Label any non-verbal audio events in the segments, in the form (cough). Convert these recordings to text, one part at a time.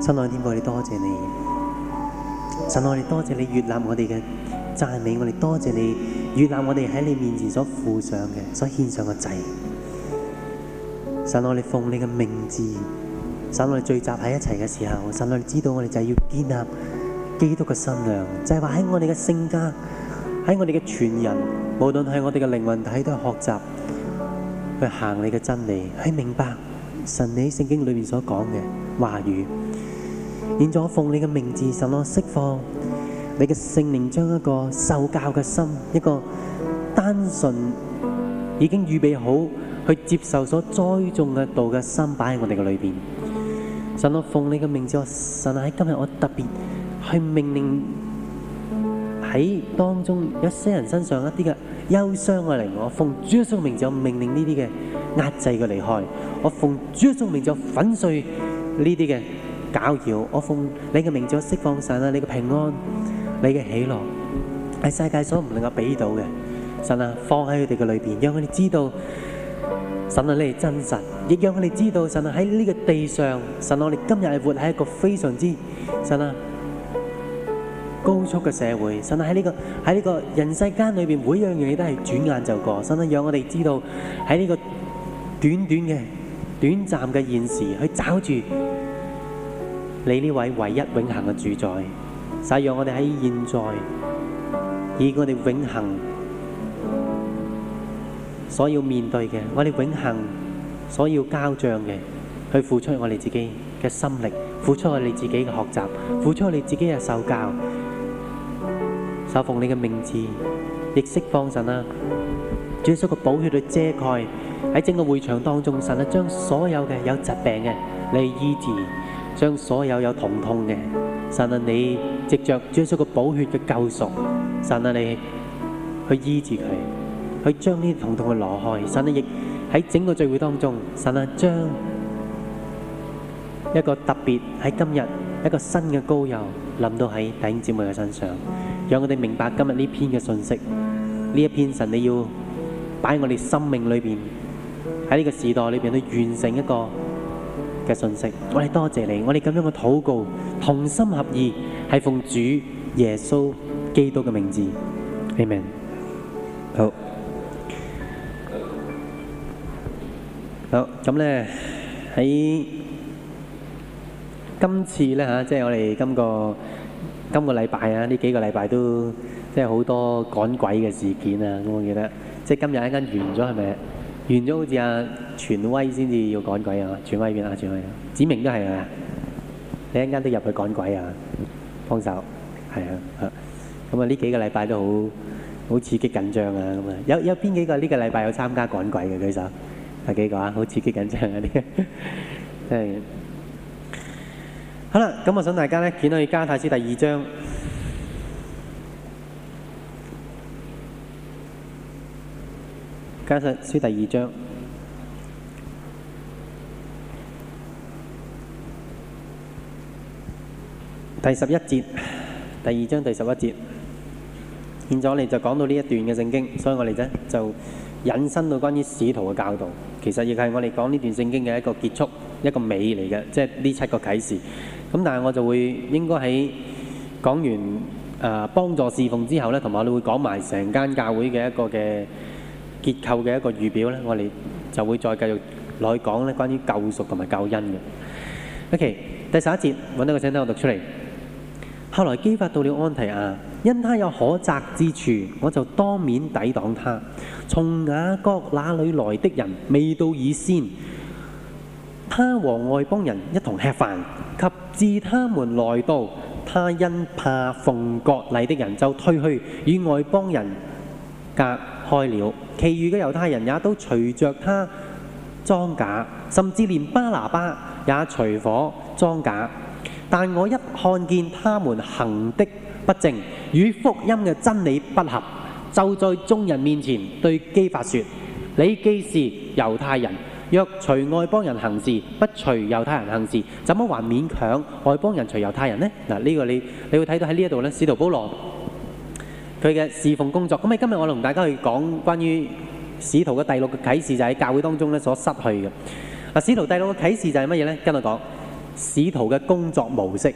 神愛天父你多謝你；神我你，多謝你悅納我哋嘅讚美，我哋多謝你悅納我哋喺你面前所附上嘅、所獻上嘅祭。神我你，奉你嘅名字，神我愛聚集喺一齊嘅時候，神我愛你知道我哋就係要建立基督嘅新娘，就係話喺我哋嘅性格、喺我哋嘅全人，無論係我哋嘅靈魂體都係學習去行你嘅真理，去明白神你聖經裏面所講嘅話語。現在我奉你嘅名字，神啊，釋放你嘅聖靈，將一個受教嘅心，一個單純已經預備好去接受所栽種嘅道嘅心，擺喺我哋嘅裏邊。神啊，奉你嘅名字，我神啊，喺今日我特別去命令喺當中一些人身上一啲嘅憂傷嘅靈，我奉主嘅名就命令呢啲嘅壓制佢離開，我奉主嘅名就粉碎呢啲嘅。搞擾，我奉你嘅名字，我釋放神啊！你嘅平安，你嘅喜樂，係世界所唔能夠俾到嘅。神啊，放喺佢哋嘅裏邊，讓佢哋知道神啊，你係真實；亦讓佢哋知道神啊，喺呢個地上，神啊，我哋今日係活喺一個非常之神啊高速嘅社會。神啊，喺呢個，喺呢個人世間裏邊，每樣嘢都係轉眼就過。神啊，讓我哋知道喺呢個短短嘅短暫嘅現時，去找住。你呢位唯一永恒嘅主宰，使讓我哋喺現在，以我哋永恒所要面對嘅，我哋永恒所要交賬嘅，去付出我哋自己嘅心力，付出我哋自己嘅學習，付出我哋自己嘅受教，受奉你嘅名字，亦釋放神啦。轉述個寶血嘅遮蓋喺整個會場當中神，神啊將所有嘅有疾病嘅你醫治。將所有有疼痛嘅，神啊你藉着主出個寶血嘅救贖，神啊你去醫治佢，去將呢啲疼痛去挪開。神啊亦喺整個聚會當中，神啊將一個特別喺今日一個新嘅膏油淋到喺弟兄姊妹嘅身上，讓我哋明白今日呢篇嘅信息，呢一篇神你要擺喺我哋生命裏邊喺呢個時代裏邊去完成一個。嘅信息，我哋多謝你，我哋咁樣嘅禱告，同心合意，係奉主耶穌基督嘅名字，阿門。好，好咁咧，喺今次咧吓，即係我哋今個今個禮拜啊，呢幾個禮拜都即係好多趕鬼嘅事件啊，我記得，即係今日一間完咗，係咪？完咗好似阿權威先至要趕鬼啊嘛，權威完啊，阿權威啊，子明都係啊，你一間都入去趕鬼啊，幫手，係啊，咁啊呢幾個禮拜都好好刺激緊張啊咁啊，有有邊幾個呢個禮拜有參加趕鬼嘅舉手，係、啊、幾個好刺激啊？好刺激緊張呢啲，真、啊、係。好啦，咁我想大家咧見到《去加泰斯第二章。加上書第二章，第十一節，第二章第十一節，現在我哋就講到呢一段嘅聖經，所以我哋呢就引申到關於使徒嘅教導。其實亦係我哋講呢段聖經嘅一個結束，一個尾嚟嘅，即係呢七個啟示。咁但係我就會應該喺講完誒幫助侍奉之後呢，同埋我哋會講埋成間教會嘅一個嘅結構嘅一個預表呢，我哋就會再繼續來講咧，關於救贖同埋救恩嘅。OK，第十一節揾到個聖經，我讀出嚟。後來磯法到了安提阿，因他有可責之處，我就當面抵擋他。從雅各那裏來的人未到以先，他和外邦人一同吃飯，及至他們來到，他因怕奉割禮的人就退去，與外邦人隔。開了，其餘嘅猶太人也都隨著他裝假，甚至連巴拿巴也隨夥裝假。但我一看見他們行的不正，與福音嘅真理不合，就在眾人面前對基法說：你既是猶太人，若隨外邦人行事，不隨猶太人行事，怎麼還勉強外邦人隨猶太人呢？嗱，呢個你，你會睇到喺呢一度咧，使徒保羅佢嘅侍奉工作咁啊！今日我同大家去講關於使徒嘅第六個啟示，就喺教會當中咧所失去嘅啊！使徒第六個啟示就係乜嘢咧？跟我講，使徒嘅工作模式。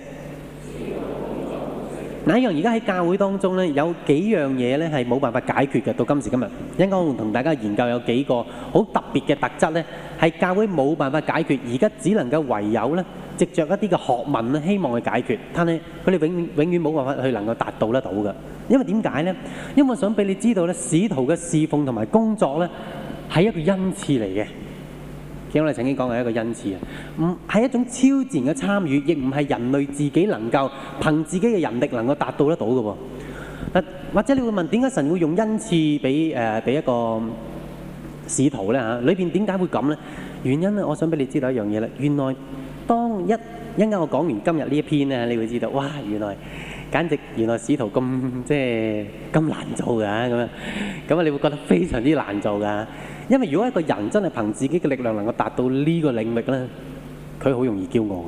嗱，一樣而家喺教會當中咧，有幾樣嘢咧係冇辦法解決嘅。到今時今日，應該我會同大家研究有幾個好特別嘅特質咧，係教會冇辦法解決，而家只能夠唯有咧藉著一啲嘅學問咧，希望去解決。但係佢哋永永遠冇辦法去能夠達到得到嘅。因為點解呢？因為我想俾你知道咧，使徒嘅侍奉同埋工作咧，係一個恩賜嚟嘅。其實我哋曾經講過一個恩賜啊，唔係一種超自然嘅參與，亦唔係人類自己能夠憑自己嘅人力能夠達到得到嘅喎。或者你會問，點解神會用恩賜俾誒俾一個使徒呢？吓裏邊點解會咁呢？原因咧，我想俾你知道一樣嘢啦。原來當一一陣間我講完今日呢一篇咧，你會知道，哇！原來。簡直原來使徒咁即係咁難做㗎，咁樣咁啊！你會覺得非常之難做㗎。因為如果一個人真係憑自己嘅力量能夠達到呢個領域咧，佢好容易驕傲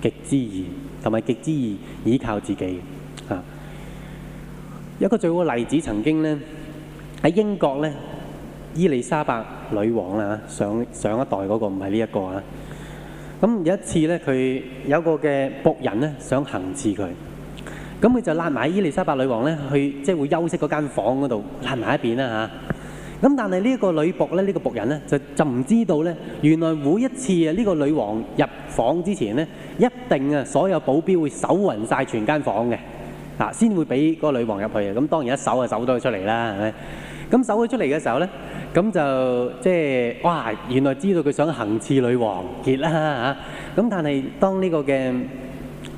嘅，極之易同埋極之易依靠自己嘅嚇。啊、有一個最好嘅例子，曾經咧喺英國咧，伊麗莎白女王啦，上上一代嗰個唔係呢一個啊。咁有一次咧，佢有個嘅僕人咧想行刺佢。咁佢就拉埋伊麗莎白女王咧去，即係會休息嗰間房嗰度，拉埋一邊啦嚇。咁但係呢個女僕咧，呢個僕人咧就就唔知道咧，原來每一次啊，呢個女王入房之前咧，一定啊所有保鏢會搜勻曬全間房嘅，嗱先會俾嗰個女王入去嘅。咁當然一搜啊，搜咗佢出嚟啦，係咪？咁搜佢出嚟嘅時候咧，咁就即係哇，原來知道佢想行刺女王劫啦嚇。咁但係當呢個嘅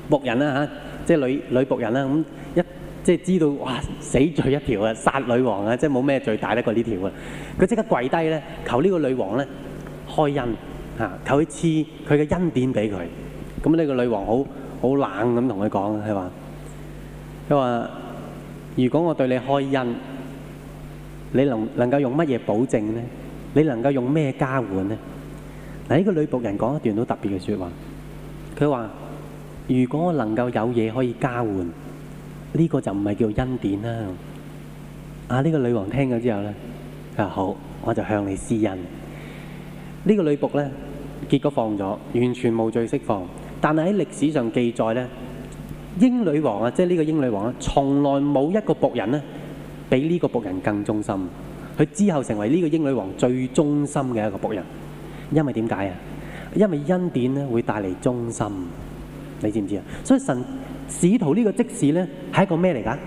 僕人啦嚇。即係女女僕人啦，咁一即係知道哇，死罪一條啊，殺女王啊，即係冇咩罪大得過呢條啊！佢即刻跪低咧，求呢個女王咧開恩嚇，求佢賜佢嘅恩典俾佢。咁呢個女王好好冷咁同佢講，係嘛？佢話：如果我對你開恩，你能能夠用乜嘢保證咧？你能夠用咩交換咧？嗱，呢個女僕人講一段好特別嘅説話，佢話。如果能夠有嘢可以交換，呢個就唔係叫恩典啦。呢個女王聽咗之後咧，哎，你知唔知啊？所以神使徒這個即使呢個職事是一個咩嚟噶？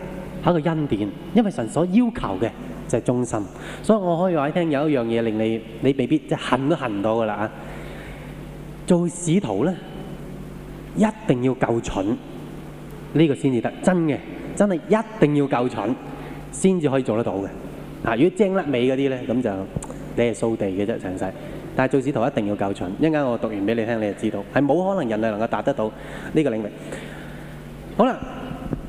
係一個恩典，因為神所要求嘅就是忠心。所以我可以話俾你聽，有一樣嘢令你你未必即係恨都恨唔到的啦、啊、做使徒呢，一定要夠蠢，呢、這個先至得真嘅，真係一定要夠蠢，先至可以做得到嘅、啊。如果精甩尾嗰啲咧，咁就你掃地嘅啫，陳但係做使徒一定要夠準，一陣間我讀完俾你聽，你就知道係冇可能人類能夠達得到呢個領域。好啦，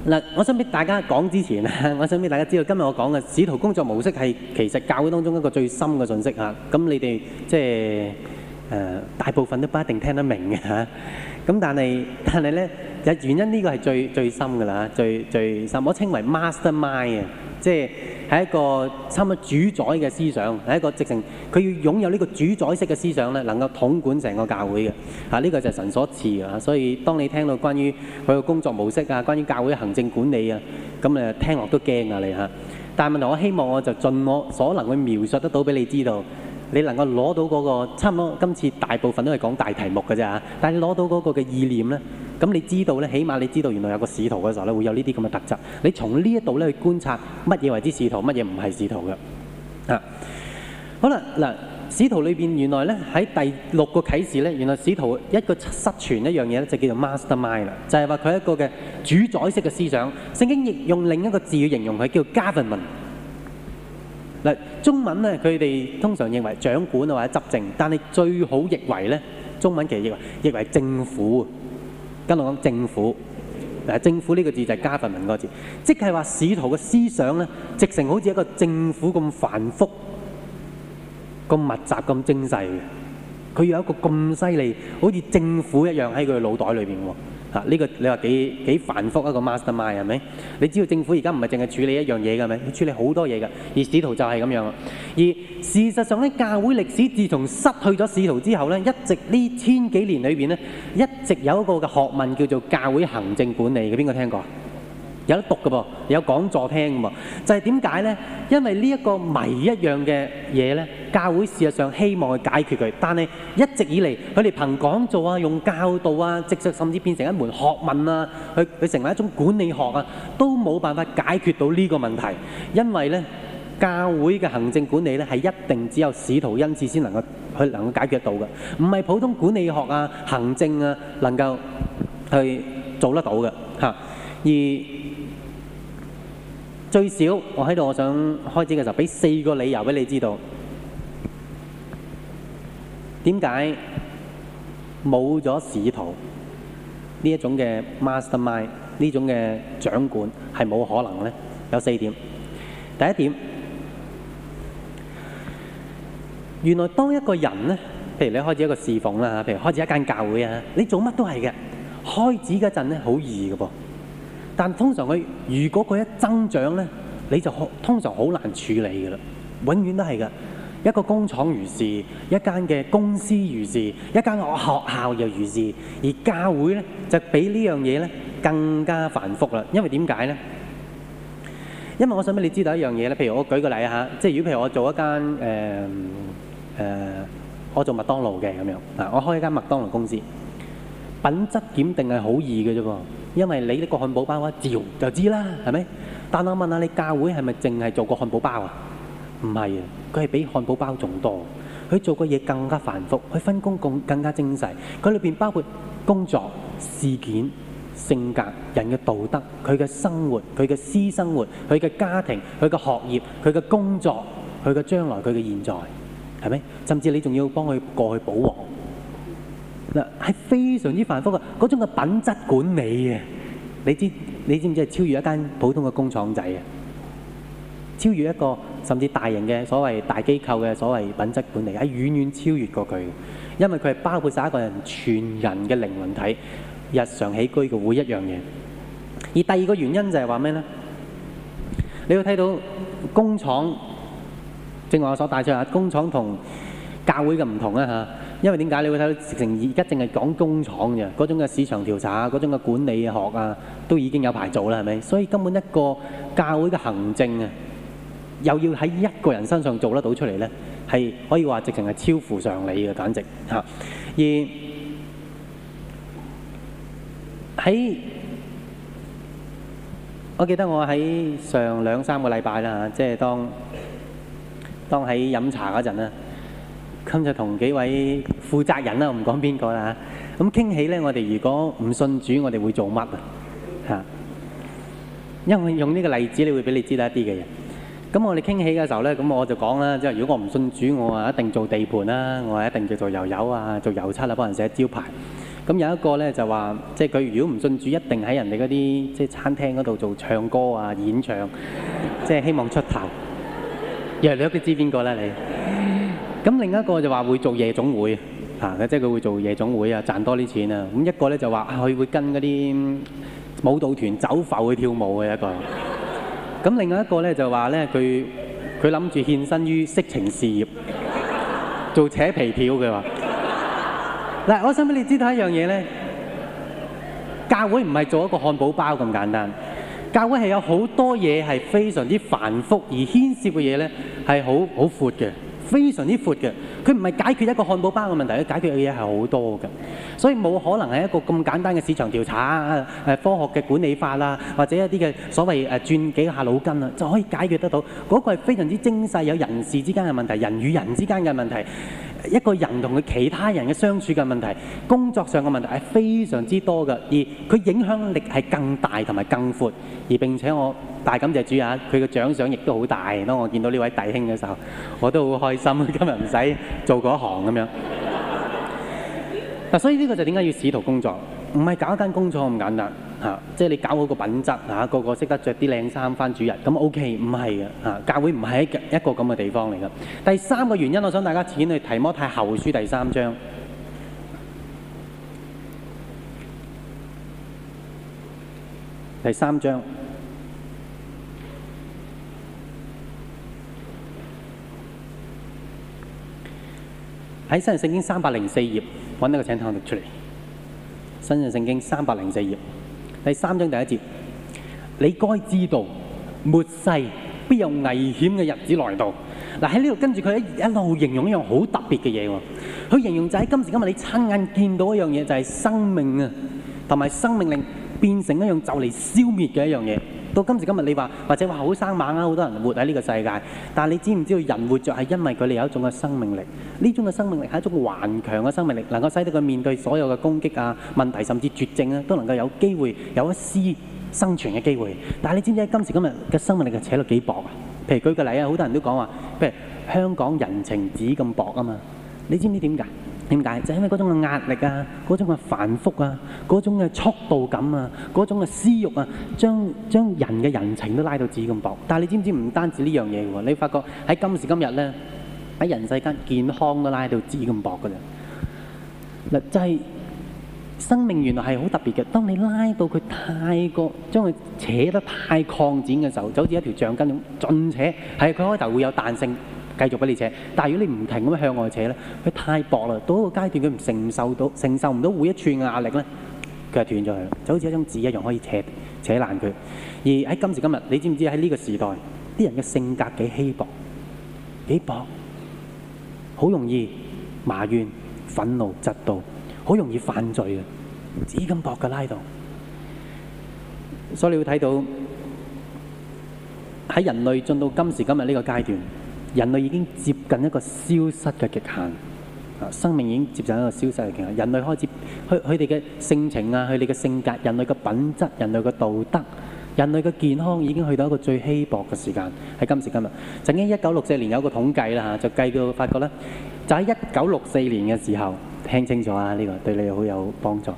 嗱，我想俾大家講之前咧，我想俾大家知道，今日我講嘅使徒工作模式係其實教會當中一個最深嘅信息嚇。咁你哋即係誒大部分都不一定聽得明嘅嚇。咁但係但係咧，有原因呢個係最最深㗎啦，最最深，我稱為 Master Mind。即係一個差唔多主宰嘅思想，係一個直情佢要擁有呢個主宰式嘅思想咧，能夠統管成個教會嘅嚇，呢、啊這個就係神所賜嘅。所以當你聽到關於佢嘅工作模式啊，關於教會行政管理啊，咁誒聽落都驚啊你嚇、啊。但係問題，我希望我就盡我所能去描述得到俾你知道，你能夠攞到嗰、那個差唔多今次大部分都係講大題目嘅啫嚇，但係你攞到嗰個嘅意念咧。咁你知道咧，起碼你知道原來有個使徒嘅時候咧，會有呢啲咁嘅特質。你從這裡呢一度咧去觀察乜嘢為之使徒，乜嘢唔係使徒嘅。啊，好啦，嗱，使徒裏邊原來咧喺第六個啟示咧，原來使徒一個失傳一樣嘢咧，就叫做 mastermind，就係話佢一個嘅主宰式嘅思想。聖經亦用另一個字嚟形容佢，叫 government。嗱，中文咧佢哋通常認為掌管啊或者執政，但係最好譯為咧中文其實譯，譯為政府。政府，政府呢個字就係加訓文嗰個字，即係話使徒嘅思想呢，直成好似一個政府咁繁複、咁密集、咁精細嘅，佢有一個咁犀利，好似政府一樣喺佢嘅腦袋裏面。啊！呢個你話幾幾繁複一個 mastermind 係咪？你知道政府而家唔係淨係處理一樣嘢㗎，係咪？佢處理好多嘢㗎。而使徒就係咁樣。而事實上咧，教會歷史自從失去咗使徒之後咧，一直呢千幾年裏邊咧，一直有一個嘅學問叫做教會行政管理嘅，邊個聽過？有得讀嘅噃，有講座聽嘅噃，就係點解咧？因為呢一個謎一樣嘅嘢咧，教會事實上希望去解決佢，但係一直以嚟佢哋憑講座啊、用教導啊、直至甚至變成一門學問啊，去去成為一種管理學啊，都冇辦法解決到呢個問題。因為咧，教會嘅行政管理咧係一定只有使徒恩賜先能夠去能夠解決到嘅，唔係普通管理學啊、行政啊能夠去做得到嘅嚇，而。最少我喺度，我想開始嘅時候，俾四個理由俾你知道為什麼沒有了使徒，點解冇咗使徒呢一種嘅 mastermind 呢種嘅掌管係冇可能咧呢？有四點。第一點，原來當一個人呢，譬如你開始一個侍奉啦，譬如開始一間教會啊，你做乜都係嘅，開始嗰陣呢好易嘅噃。但通常佢如果佢一增長呢，你就好通常好難處理㗎喇，永遠都係嘅。一個工廠如是，一間嘅公司如是，一間的學校又如是，而教會呢就比呢樣嘢更加繁複喇。因為點為解呢？因為我想俾你知道一樣嘢咧。譬如我舉個例嚇，即係如果譬如我做一間、呃呃、我做麥當勞嘅咁樣，我開一間麥當勞公司，品質檢定係好易嘅因為你呢個漢堡包，我照就知啦，係咪？但我問下你教會係咪淨係做個漢堡包啊？唔係啊，佢係比漢堡包仲多，佢做嘅嘢更加繁複，佢分工更更加精細。佢裏面包括工作、事件、性格、人嘅道德、佢嘅生活、佢嘅私生活、佢嘅家庭、佢嘅學業、佢嘅工作、佢嘅將來、佢嘅現在，係咪？甚至你仲要幫佢過去補王。嗱，係非常之繁複嘅嗰種嘅品質管理啊！你知你知唔知係超越一間普通嘅工廠仔啊？超越一個甚至大型嘅所謂大機構嘅所謂品質管理，係遠遠超越過佢，因為佢係包括晒一個人全人嘅靈魂體，日常起居嘅每一樣嘢。而第二個原因就係話咩咧？你要睇到工廠，正話我所帶出嚟，工廠同教會嘅唔同啊！吓～因為點解你會睇到直情而家淨係講工廠咋？嗰種嘅市場調查啊，嗰種嘅管理學啊，都已經有排做啦，係咪？所以根本一個教會嘅行政啊，又要喺一個人身上做得到出嚟咧，係可以話直情係超乎常理嘅，簡直嚇。而喺我記得我喺上兩三個禮拜啦嚇，即係當當喺飲茶嗰陣咧。今日同幾位負責人啦，我唔講邊個啦。咁傾起呢，我哋如果唔信主，我哋會做乜啊？嚇！因為用呢個例子，你會俾你知道一啲嘅嘢。咁我哋傾起嘅時候呢，咁我就講啦，即係如果我唔信主，我係一定做地盤啦，我係一定叫做油油啊，做油漆啊，幫人寫招牌。咁有一個呢，就話，即係佢如果唔信主，一定喺人哋嗰啲即係餐廳嗰度做唱歌啊、演唱，即係希望出頭。若你都知邊個呢？你？咁另一個就話會做夜總會，啊，即係佢會做夜總會啊，賺多啲錢啊。一個就話佢、啊、會跟嗰啲舞蹈團走埠去跳舞嘅一個。另一個就話呢，佢佢諗住獻身於色情事業，做扯皮條。嗱，我想畀你知道一樣嘢呢，教會唔係做一個漢堡包咁簡單，教會係有好多嘢係非常之繁複而牽涉嘅嘢咧，係好好闊嘅。非常之闊嘅，佢唔係解決一個漢堡包嘅問題，佢解決嘅嘢係好多嘅，所以冇可能係一個咁簡單嘅市場調查啊，誒科學嘅管理法啦，或者一啲嘅所謂誒、啊、轉幾下腦筋啦，就可以解決得到。嗰、那個係非常之精細，有人事之間嘅問題，人與人之間嘅問題。一個人同佢其他人嘅相處嘅問題、工作上嘅問題係非常之多嘅，而佢影響力係更大同埋更闊，而並且我大感謝主啊，佢嘅獎賞亦都好大。當我見到呢位弟兄嘅時候，我都好開心。今日唔使做嗰行咁樣。嗱， (laughs) 所以呢個就點解要使徒工作？唔係搞間工廠咁簡單。嚇、啊！即係你搞好個品質嚇、啊，個個識得着啲靚衫翻主日，咁 OK，唔係嘅嚇。教會唔係一一個咁嘅地方嚟㗎。第三個原因，我想大家自己去提摩太後書第三章。第三章喺新約聖經三百零四頁，揾一個請同學讀出嚟。新約聖經三百零四頁。第三章第一節，你該知道末世必有危險嘅日子來到。嗱，喺呢度跟住佢一路形容一樣好特別嘅嘢喎。佢形容就係今時今日你親眼見到一樣嘢，就係生命啊，同埋生命令變成一樣就嚟消滅嘅一樣嘢。到今時今日，你話或者話好生猛啊！好多人活喺呢個世界，但你知唔知道人活着係因為佢哋有一種嘅生命力？呢種嘅生命力係一種頑強嘅生命力，能夠使得佢面對所有嘅攻擊啊、問題甚至絕症啊，都能夠有機會有一絲生存嘅機會。但你知唔知道今時今日嘅生命力係扯到幾薄啊？譬如舉個例啊，好多人都講話，譬如香港人情紙咁薄啊嘛，你知唔知點解？點解？就係因為嗰種嘅壓力啊，嗰種嘅繁複啊，嗰種嘅速度感啊，嗰種嘅私欲啊，將將人嘅人情都拉到紙咁薄。但係你知唔知唔單止呢樣嘢喎？你發覺喺今時今日咧，喺人世間健康都拉到紙咁薄㗎喇。嗱，就係生命原來係好特別嘅。當你拉到佢太過，將佢扯得太擴展嘅時候，就好似一條橡筋咁，盡且，係佢開頭會有彈性。繼續俾你扯，但係如果你唔停咁樣向外扯咧，佢太薄啦，到一個階段佢唔承受到，承受唔到每一寸嘅壓力咧，佢係斷咗佢，就好似一張紙一樣可以扯扯爛佢。而喺今時今日，你知唔知喺呢個時代，啲人嘅性格幾稀薄、幾薄，好容易埋怨、憤怒、嫉妒，好容易犯罪啊！紙咁薄嘅拉到，所以你要睇到喺人類進到今時今日呢個階段。人類已經接近一個消失嘅極限，生命已經接近一個消失嘅極限。人類開始，佢佢哋嘅性情啊，佢哋嘅性格，人類嘅品質，人類嘅道德，人類嘅健康已經去到一個最稀薄嘅時間，喺今時今日。曾經一九六四年有一個統計啦，就計到發覺呢，就喺一九六四年嘅時候，聽清楚啊，呢個對你好有幫助。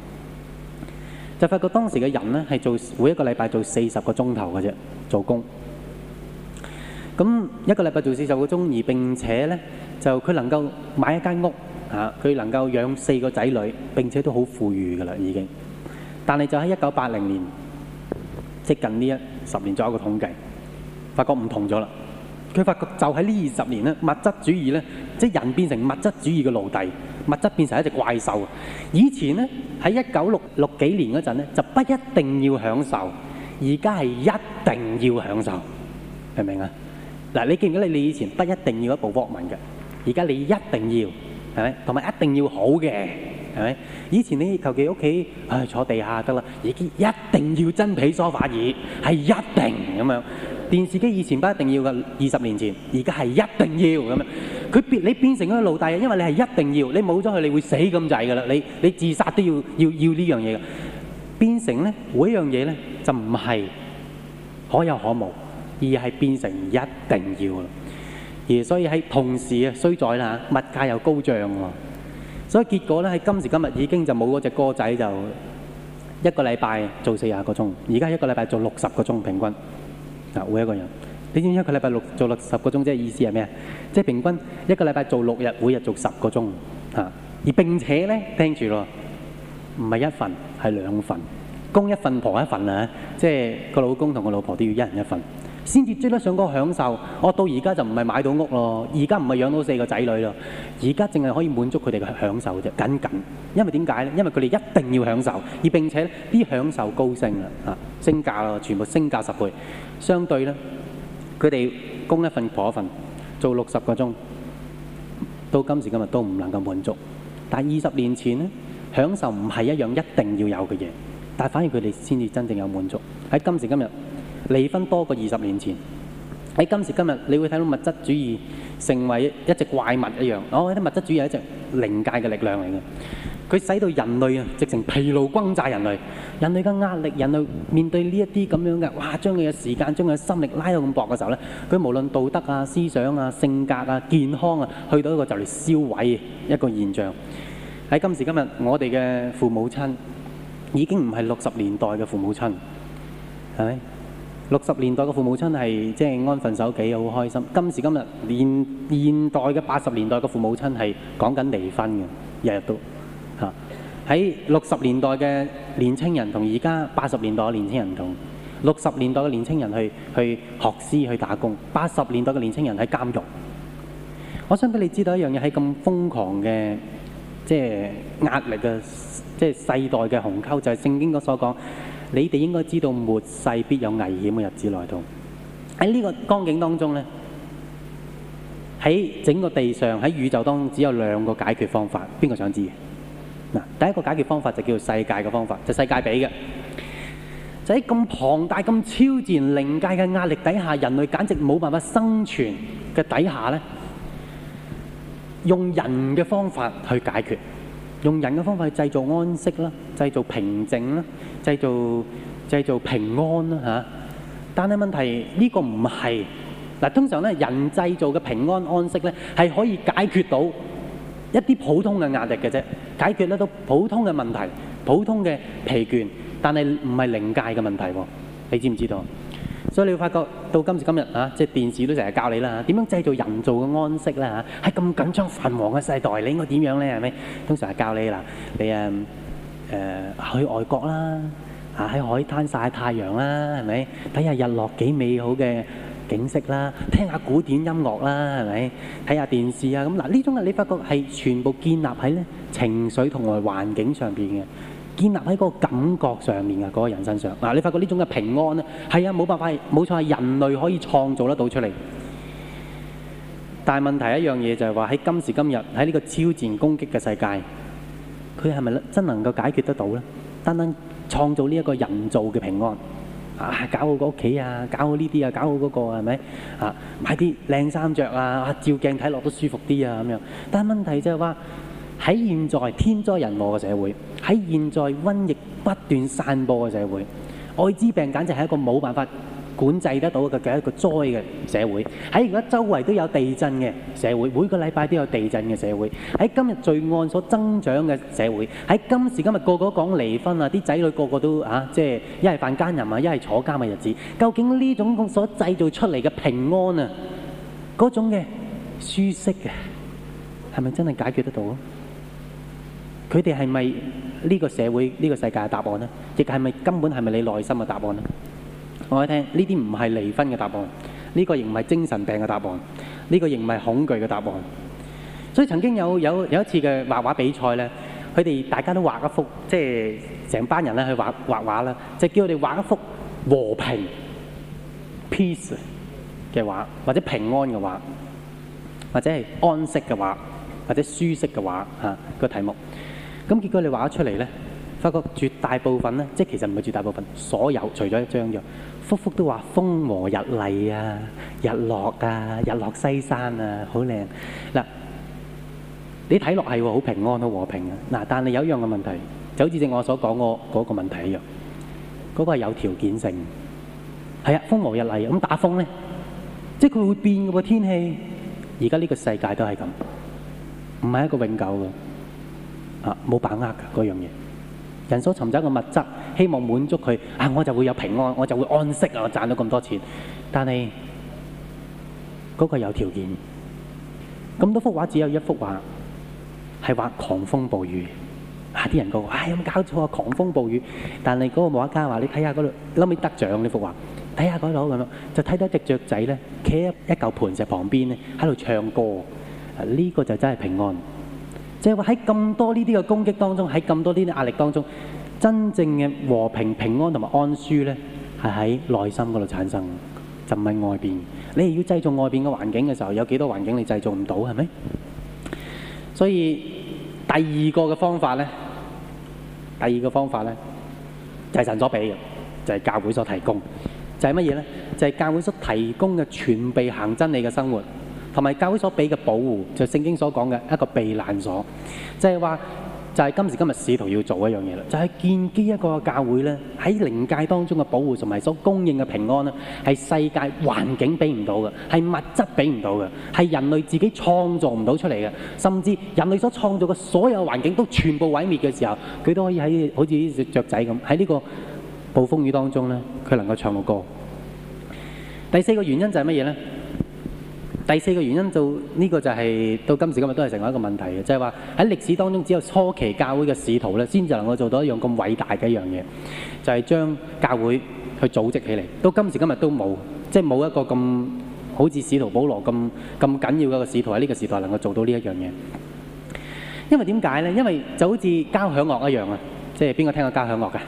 就發覺當時嘅人呢，係做每一個禮拜做四十個鐘頭嘅啫，做工。咁一個禮拜做四十個鐘，而並且呢就佢能夠買一間屋，嚇佢能夠養四個仔女，並且都好富裕㗎喇，已經。但係就喺一九八零年，接近呢十年左右嘅統計，發覺唔同咗啦。佢發覺就喺呢二十年呢，物質主義呢，即係人變成物質主義嘅奴隸，物質變成一隻怪獸。以前呢喺一九六六幾年嗰陣呢，就不一定要享受，而家係一定要享受，明唔明啊？嗱，你記唔記得咧？你以前不一定要一部沃文嘅，而家你一定要，係咪？同埋一定要好嘅，係咪？以前你求其屋企，唉坐地下得啦，而家一定要真皮梳化椅，係一定咁樣。電視機以前不一定要嘅，二十年前，而家係一定要咁樣。佢變你變成一個奴隸，因為你係一定要，你冇咗佢你會死咁滯㗎啦！你你自殺都要要要呢樣嘢嘅，變成咧每一樣嘢咧就唔係可有可無。而係變成一定要，而所以喺同時啊，衰在啦，物價又高漲喎，所以結果呢，喺今時今日已經就冇嗰隻歌仔就一個禮拜做四廿個鐘，而家一個禮拜做六十個鐘，平均每一個人。你知唔知一個禮拜六做六十個鐘即係意思係咩啊？即係平均一個禮拜做六日，每日做十個鐘嚇，而並且呢，聽住咯，唔係一份係兩份，公一份婆一份啊，即係個老公同個老婆都要一人一份。先至追得上嗰個享受。我、啊、到而家就唔係買到屋咯，而家唔係養到四個仔女咯，而家淨係可以滿足佢哋嘅享受啫，僅僅。因為點解咧？因為佢哋一定要享受，而並且啲享受高升啦，啊，升價咯，全部升價十倍。相對咧，佢哋供一份，攞一份，做六十個鐘，到今時今日都唔能夠滿足。但二十年前咧，享受唔係一樣一定要有嘅嘢，但反而佢哋先至真正有滿足。喺今時今日。離婚多過二十年前。喺今時今日，你會睇到物質主義成為一隻怪物一樣。哦，我覺得物質主義係一隻靈界嘅力量嚟嘅，佢使到人類啊，直情疲勞轟炸人類。人類嘅壓力，人類面對呢一啲咁樣嘅哇，將佢嘅時間、將佢嘅心力拉到咁薄嘅時候咧，佢無論道德啊、思想啊、性格啊、健康啊，去到一個就嚟燒毀一個現象。喺今時今日，我哋嘅父母親已經唔係六十年代嘅父母親，係咪？六十年代嘅父母親係即係安分守己，好開心。今時今日，現現代嘅八十年代嘅父母親係講緊離婚嘅，日日都嚇。喺六十年代嘅年青人同而家八十年代嘅年青人唔同。六十年代嘅年青人去去學師去打工，八十年代嘅年青人喺監獄。我想俾你知道一樣嘢，喺咁瘋狂嘅即係壓力嘅，即係世代嘅鴻溝，就係聖經嗰所講。你哋應該知道末世必有危險嘅日子來到。喺呢個光景當中呢，喺整個地上，喺宇宙當中只有兩個解決方法。邊個想知？第一個解決方法就叫做世界嘅方法，就世界俾嘅。就喺咁龐大、咁超自然、靈界嘅壓力底下，人類簡直冇辦法生存嘅底下呢，用人嘅方法去解決，用人嘅方法去製造安息啦，製造平靜啦。製造製造平安啦嚇，但係問題呢個唔係嗱，通常咧人製造嘅平安安息咧，係可以解決到一啲普通嘅壓力嘅啫，解決得到普通嘅問題、普通嘅疲倦，但係唔係靈界嘅問題喎，你知唔知道？所以你會發覺到今時今日嚇，即係電視都成日教你啦，點樣製造人造嘅安息啦嚇，喺咁緊張繁忙嘅世代，你應該點樣咧係咪？通常係教你嗱，你誒。誒、呃、去外國啦，啊喺海灘曬太陽啦，係咪？睇下日落幾美好嘅景色啦，聽下古典音樂啦，係咪？睇下電視啊，咁嗱呢種啊，你發覺係全部建立喺咧情緒同埋環境上邊嘅，建立喺嗰個感覺上面嘅嗰、嗰個人身上嗱，你發覺呢種嘅平安咧，係啊冇辦法，冇錯，係人類可以創造得到出嚟。但係問題一樣嘢就係話喺今時今日喺呢個超戰攻擊嘅世界。佢係咪真能夠解決得到呢？單單創造呢一個人造嘅平安，啊，搞好個屋企啊，搞好呢啲啊，搞好嗰個啊，係咪？啊，買啲靚衫着啊，啊，照鏡睇落都舒服啲啊，咁樣。但係問題就係話，喺現在天災人禍嘅社會，喺現在瘟疫不斷散播嘅社會，愛滋病簡直係一個冇辦法。管制得到嘅嘅一個災嘅社會，喺而家周圍都有地震嘅社會，每個禮拜都有地震嘅社會，喺今日罪案所增長嘅社會，喺今時今日個個講離婚啊，啲仔女個個都啊，即係一係犯奸淫啊，一係坐監嘅日子，究竟呢種所製造出嚟嘅平安啊，嗰種嘅舒適啊，係咪真係解決得到啊？佢哋係咪呢個社會呢個世界嘅答案咧、啊？亦係咪根本係咪你內心嘅答案咧、啊？我一聽呢啲唔係離婚的答案，呢個亦唔係精神病的答案，呢個亦唔係恐懼的答案。所以曾經有有，有一次嘅畫畫比賽，佢哋大家都畫一幅，即係成班人呢去畫畫畫啦，就叫佢哋畫一幅和平 peace 的畫，或者平安的畫，或者係安息的畫，或者舒適的畫這個題目。咁結果你畫咗出來咧？發覺絕大部分咧，即係其實唔係絕大部分，所有除咗一張啫。幅幅都話風和日麗啊，日落啊，日落西山啊，好靚嗱。你睇落係好平安、好和平嘅嗱，但係有一樣嘅問題，就好似正我所講嘅嗰個問題一樣，嗰個係有條件性。係啊，風和日麗咁打風咧，即係佢會變嘅喎天氣。而家呢個世界都係咁，唔係一個永久嘅啊，冇把握嘅嗰樣嘢。人所尋找嘅物質，希望滿足佢啊，我就會有平安，我就會安息啊！我賺到咁多錢，但係嗰、嗰個有條件。咁多幅畫只有一幅畫係畫狂風暴雨，啊，啲人講啊，有冇搞錯，啊狂風暴雨！但係嗰個畫家話：你睇下嗰度後尾得獎呢幅畫，睇下嗰度就睇到隻雀仔咧，企喺一嚿盤石旁邊呢，喺度唱歌。啊、這呢個就真係平安。即係話喺咁多呢啲嘅攻擊當中，喺咁多呢啲壓力當中，真正嘅和平、平安同埋安舒咧，係喺內心嗰度產生，就唔係外邊。你係要製造外邊嘅環境嘅時候，有幾多環境你製造唔到係咪？所以第二個嘅方法咧，第二個方法咧，製、就係、神所俾嘅就係、係、教會所提供，就係乜嘢咧？就係、係、教會所提供嘅全備行真理嘅生活。同埋教會所俾嘅保護，就聖經所講嘅一個避難所，就係話，就係今時今日使徒要做的一樣嘢啦，就係建基一個教會呢，喺靈界當中嘅保護同埋所供應嘅平安呢，係世界環境俾唔到嘅，係物質俾唔到嘅，係人類自己創造唔到出嚟嘅，甚至人類所創造嘅所有環境都全部毀滅嘅時候，佢都可以喺好似啲雀仔咁喺呢個暴風雨當中呢，佢能夠唱個歌。第四個原因就係乜嘢呢？第四個原因就呢個就係到今時今日都係成為一個問題嘅，就係話喺歷史當中只有初期教會嘅使徒才先能夠做到一樣咁偉大嘅一樣嘢，就係將教會去組織起嚟。到今時今日都冇，即係冇一個咁好似使徒保羅咁咁緊要嘅個使徒喺呢個時代能夠做到呢一樣嘢。因為點解呢？因為就好似交響樂一樣啊，即係邊個聽過交響樂㗎？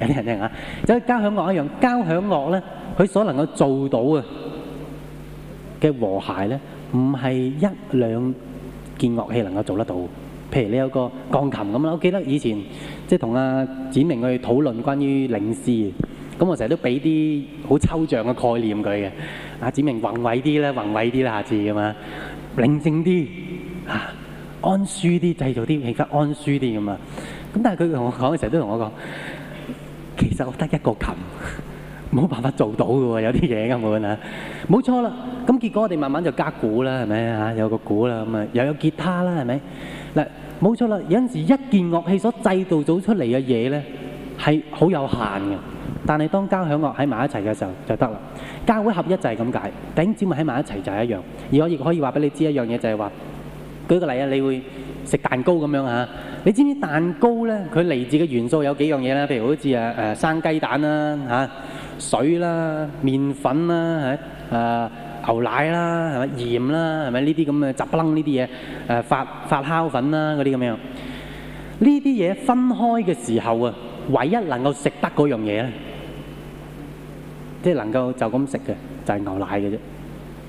有啲人聽下。就係交響樂一樣，交響樂呢，佢所能夠做到的嘅和諧咧，唔係一兩件樂器能夠做得到。譬如你有個鋼琴咁啦，我記得以前即係同阿展明去討論關於領詩，咁我成日都俾啲好抽象嘅概念佢嘅。阿展明宏偉啲咧，宏偉啲啦，下次咁啊，寧靜啲，啊，安舒啲，製造啲氣氛安舒啲咁啊。咁但係佢同我講嘅時候都同我講，其實我得一個琴，冇辦法做到㗎喎，有啲嘢根本啊。冇錯啦，咁結果我哋慢慢就加鼓啦，係咪？有個鼓啦，又有吉他啦，係咪？冇錯啦，有時一件樂器所製造出嚟嘅嘢咧係好有限嘅，但係當交響樂喺埋一齊嘅時候就得啦。教會合一就係咁解，頂尖咪喺埋一齊就係一樣。而我亦可以話俾你知一樣嘢就係話，舉個例啊，你會食蛋糕咁樣嚇？你知唔知蛋糕呢？佢嚟自嘅元素有幾樣嘢啦？譬如好似、呃、生雞蛋啦、啊、水啦、麵粉啦、啊、啊誒、呃、牛奶啦，係咪，鹽啦，係咪呢啲咁嘅雜燴呢啲嘢？發發酵粉啦，嗰啲咁樣。呢啲嘢分開嘅時候啊，唯一能夠食得嗰樣嘢咧即係能夠就咁食嘅，就係、是、牛奶嘅啫。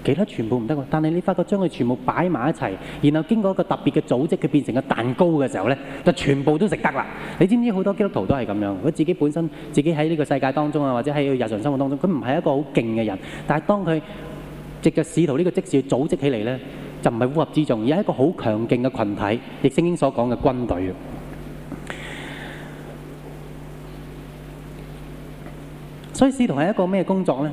其他全部唔得喎，但係你發覺將佢全部擺埋一齊，然後經過一個特別嘅組織，佢變成一個蛋糕嘅時候呢，就全部都食得啦。你知唔知好多基督徒都係咁樣？佢自己本身自己喺呢個世界當中啊，或者喺日常生活當中，佢唔係一個好勁嘅人，但係當佢藉著使徒呢個職事組織起嚟呢，就唔係烏合之眾，而係一個好強勁嘅群體，亦聖經所講嘅軍隊。所以使徒係一個咩工作呢？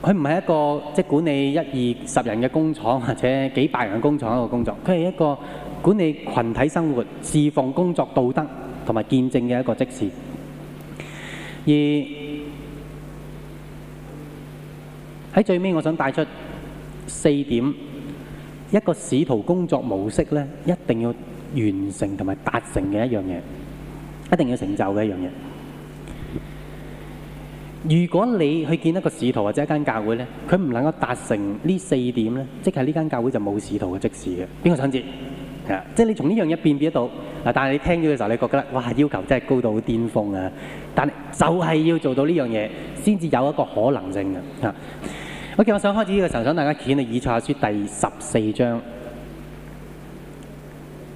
佢唔係一個即係管理一二十人嘅工廠，或者幾百人嘅工廠一個工作，佢係一個管理群體生活、侍奉工作、道德同埋見證嘅一個職事。而喺最尾，我想帶出四點，一個使徒工作模式呢，一定要完成同埋達成嘅一樣嘢，一定要成就嘅一樣嘢。如果你去見一個使徒或者一間教會咧，佢唔能夠達成呢四點咧，即係呢間教會就冇使徒嘅即使嘅。邊個想知？啊，即係你從呢樣嘢辨別得到。嗱，但係你聽咗嘅時候，你覺得哇，要求真係高到好巔峰啊！但係就係要做到呢樣嘢，先至有一個可能性嘅。啊，OK，我想開始呢個時候，想大家攪嚟以賽亞書第十四章。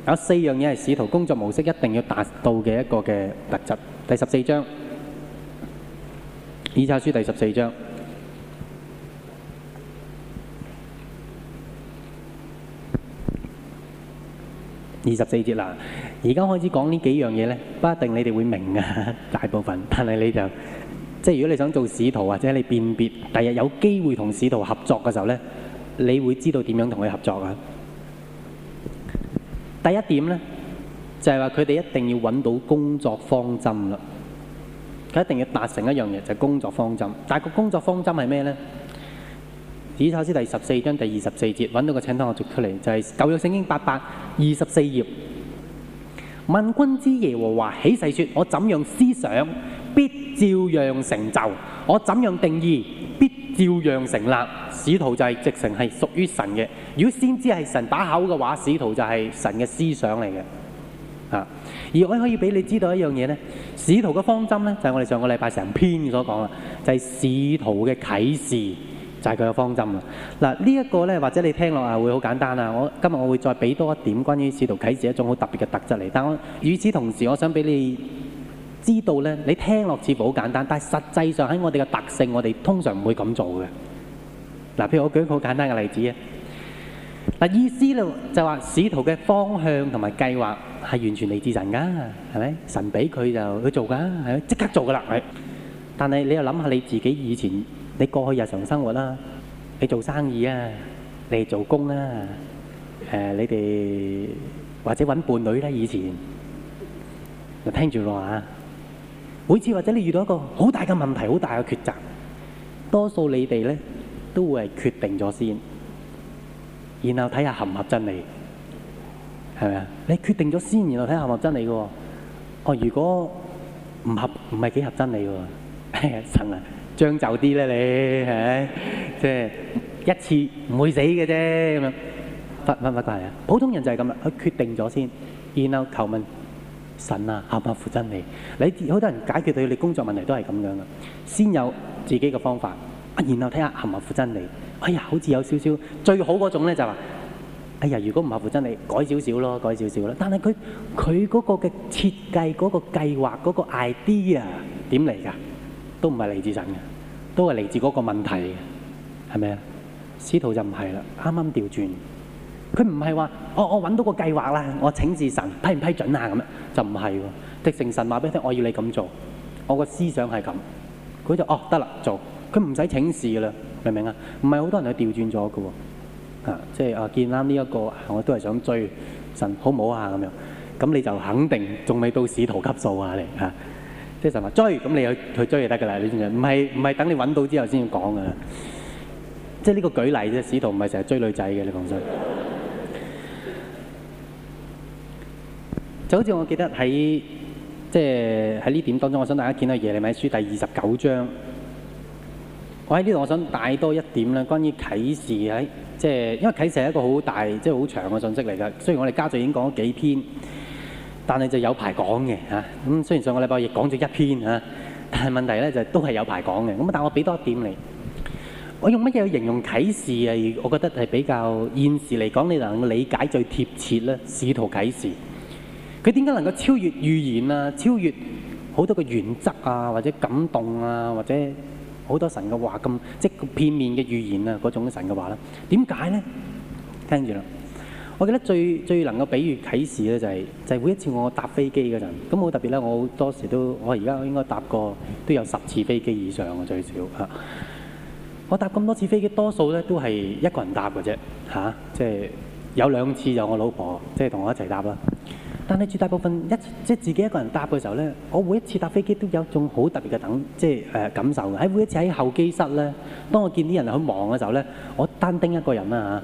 有四樣嘢係使徒工作模式一定要達到嘅一個嘅特質。第十四章。以撒書第十四章，二十四節啦。而家開始講呢幾樣嘢咧，不一定你哋會明啊，大部分。但係你就即如果你想做使徒，或者你辨別第日有機會同使徒合作嘅時候咧，你會知道點樣同佢合作啊。第一點呢就係話佢哋一定要揾到工作方針了。一定要達成一樣嘢，就係、是、工作方針。但係個工作方針係咩咧？指睇下先，第十四章第二十四節揾到個請等我讀出嚟，就係、是、舊約聖經八百二十四頁。萬軍之耶和華起誓説：我怎樣思想，必照樣成就；我怎樣定意，必照樣成立。使徒就係、是、直情係屬於神嘅。如果先知係神把口嘅話，使徒就係神嘅思想嚟嘅。啊！而我可以俾你知道一樣嘢呢，使徒嘅方針呢，就係我哋上個禮拜成篇所講啊，就係使徒嘅啟示，就係佢嘅方針啊。嗱，呢一個呢，或者你聽落來會好簡單啊。我今日我會再俾多一點關於使徒啟示一種好特別嘅特質嚟。但與此同時，我想俾你知道咧，你聽落似乎好簡單，但係實際上喺我哋嘅特性，我哋通常唔會咁做嘅。嗱，譬如我舉一個好簡單嘅例子啊。意思就係話使徒嘅方向同埋計劃。係完全嚟自神噶，係咪神俾佢就去做噶，係即刻做噶啦。但係你又諗下你自己以前，你過去日常生活啦，你做生意啊，你做工啊，誒你哋或者揾伴侶咧，以前又聽住話，每次或者你遇到一個好大嘅問題，好大嘅抉擇，多數你哋咧都會係決定咗先，然後睇下合唔合真理。係咪啊？你決定咗先，然後睇下合唔合真理嘅喎。哦，如果唔合，唔係幾合真理嘅喎。 (laughs) 神啊，將就啲咧你，係咪？即係一次唔會死嘅啫咁樣。發唔發覺啊？普通人就係咁啊。佢決定咗先，然後求問神啊，合唔合乎真理？你好多人解決到你工作問題都係咁樣嘅，先有自己嘅方法，然後睇下合唔合乎真理。哎呀，好似有少少最好嗰種咧就話、係。哎呀，如果唔合乎真理，改少少咯，改少少啦。但係佢佢嗰個嘅設計，嗰個計劃，嗰個 idea 點嚟㗎？都唔係嚟自神嘅，都係嚟自嗰個問題嘅，係咪啊？使徒就唔係啦，啱啱調轉，佢唔係話我我揾到個計劃啦，我請示神批唔批准啊咁樣，就唔係喎。迪成神話俾你聽，我要你咁做，我個思想係咁，佢就哦，得啦，做，佢唔使請示啦，明唔明啊？唔係好多人去調轉咗嘅喎。啊，即係啊，見啱呢一個，我都係想追神，好唔好啊？咁樣，咁你就肯定仲未到使徒級數啊，你吓？即係神話追，咁你去去追就得噶啦，你知唔知？唔係唔係等你揾到之後先講噶。即係呢個舉例啫，使徒唔係成日追女仔嘅，你講真。就好似我記得喺即係喺呢點當中，我想大家見到耶利米書第二十九章。我喺呢度，我想帶多一點咧，關於啟示喺即係，因為啟示係一個好大、即係好長嘅信息嚟㗎。雖然我哋家聚已經講咗幾篇，但係就有排講嘅嚇。咁雖然上個禮拜亦講咗一篇嚇，但係問題咧就都係有排講嘅。咁但但我俾多一點你。我用乜嘢嚟形容啟示啊？我覺得係比較現時嚟講，你能理解最貼切咧，試圖啟示佢點解能夠超越預言啊，超越好多嘅原則啊，或者感動啊，或者。好多神嘅話咁即片面嘅預言啊，嗰種神嘅話咧，點解呢？聽住啦，我記得最最能夠比喻啟示咧、就係，就係、係、就每一次我搭飛機嗰陣咁好特別咧。我好多時都我而家應該搭過都有十次飛機以上啊，最少啊。我搭咁多次飛機，多數咧都係一個人搭嘅啫嚇，即、啊、係、就係、有兩次就我老婆即係同我一齊搭啦。但係，絕大部分一即係自己一個人搭嘅時候咧，我每一次搭飛機都有種好特別嘅等，即係誒感受。喺每一次喺候機室咧，當我見啲人係好忙嘅時候咧，我單丁一個人啦嚇。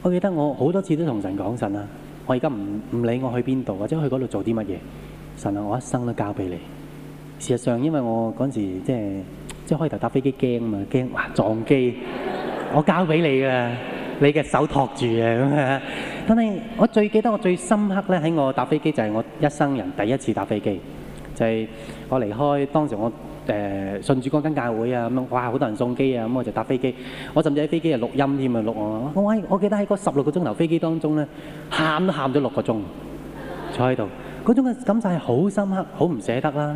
我記得我好多次都同神講神啊，我而家唔唔理我去邊度或者去嗰度做啲乜嘢，神啊，我一生都交俾你。事實上，因為我嗰陣時即係即係開頭搭飛機驚嘛，驚哇撞機，我交俾你㗎，你嘅手托住啊咁啊。但是我最記得，我最深刻在喺我搭飛機就係我一生人第一次搭飛機，就係我離開當時我誒信主嗰間教會啊，咁哇好多人送機啊，咁、嗯、我就搭飛機，我甚至喺飛機啊錄音添錄我，我，在我記得喺個十六個鐘頭飛機當中呢，喊都喊咗六個鐘坐喺度，嗰種嘅感受係好深刻，好唔捨得啦。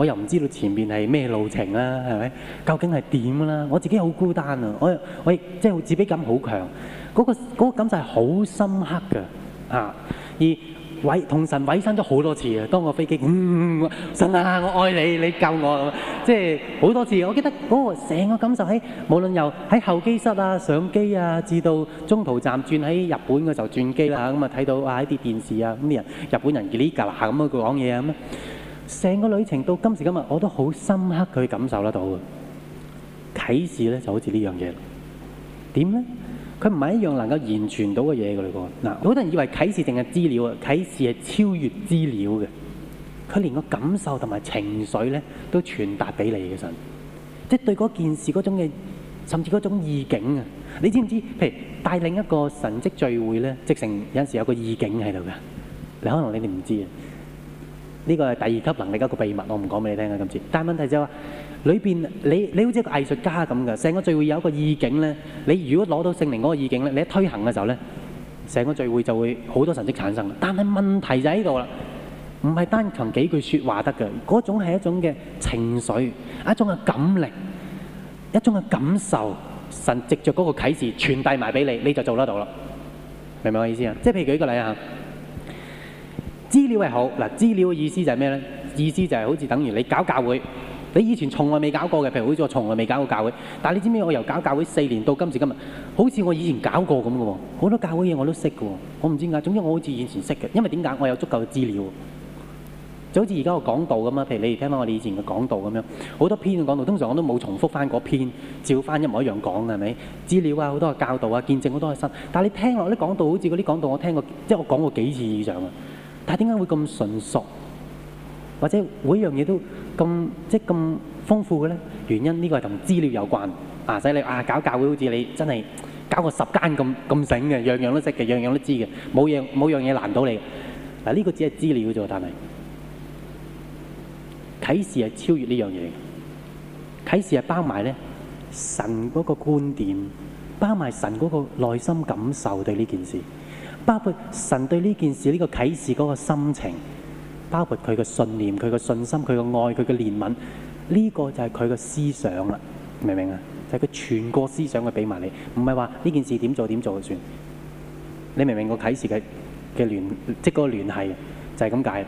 我又唔知道前面係咩路程啦、啊，係咪？究竟係點啦？我自己好孤單啊！我我亦即係自卑感好強，嗰、嗰個嗰個感受係好深刻㗎啊！而委同神委身咗好多次啊！當個飛機嗯，神啊，我愛你，你救我，即係好多次。我記得嗰個成個感受喺無論由喺候機室啊、上機啊，至到中途站轉喺日本嘅時候轉機啦、啊，咁、嗯、啊睇到啊一啲電視啊，咁啲人日本人嘅呢格咁啊佢講嘢啊咁。成個旅程到今時今日，我都好深刻去感受得到嘅啟示咧，就好似呢樣嘢。點咧？佢唔係一樣能夠言傳到嘅嘢嚟嘅。嗱，好多人以為啟示淨係資料啊，啟示係超越資料嘅。佢連個感受同埋情緒咧，都傳達俾你嘅神，即係對嗰件事嗰種嘅，甚至嗰種意境啊！你知唔知？譬如帶領一個神跡聚會咧，即成有陣時有個意境喺度㗎。你可能你哋唔知啊。呢個係第二級能力一個秘密，我唔講俾你聽啊。今次但係問題就係話，裏邊你你好似一個藝術家咁嘅，成個聚會有一個意境咧。你如果攞到聖靈嗰個意境咧，你一推行嘅時候咧，成個聚會就會好多神跡產生。但係問題就喺度啦，唔係單憑幾句説話得嘅，嗰種係一種嘅情緒，一種嘅感力，一種嘅感受。神藉着嗰個啟示傳遞埋俾你，你就做得到啦。明唔明我意思啊？即係譬如舉個例啊。資料係好嗱，資料嘅意思就係咩呢？意思就係好似等於你搞教會，你以前從來未搞過嘅，譬如好似我從來未搞過教會。但係你知唔知我由搞教會四年到今時今日，好似我以前搞過咁嘅喎，好多教會嘢我都識嘅喎。我唔知點解，總之我好似以前識嘅，因為點解我有足夠嘅資料。就好似而家我講道咁樣，譬如你哋聽翻我哋以前嘅講道咁樣，好多篇嘅講道，通常我都冇重複翻嗰篇，照翻一模一樣講係咪？資料啊，好多嘅教導啊，見證好多係新，但係你聽落啲講道，好似嗰啲講道我聽過，即係我講過幾次以上啊。啊，點解會咁純熟，或者每樣嘢都咁即係咁豐富嘅咧？原因呢個係同資料有關。啊，使你啊搞教會好似你真係搞個十間咁咁醒嘅，樣樣都識嘅，樣樣都知嘅，冇嘢冇樣嘢難到你。嗱、啊，呢個只係資料啫喎，但係啟示係超越呢樣嘢嘅。啟示係包埋咧神嗰個觀點，包埋神嗰個內心感受對呢件事。包括神對呢件事呢個啟示嗰個心情，包括佢嘅信念、佢嘅信心、佢嘅愛、佢嘅憐憫，呢個就係佢嘅思想啦。明唔明啊？就係佢全個思想，佢俾埋你，唔係話呢件事點做點做就算。你明唔明個啟示嘅嘅聯即嗰個聯繫？就係咁解。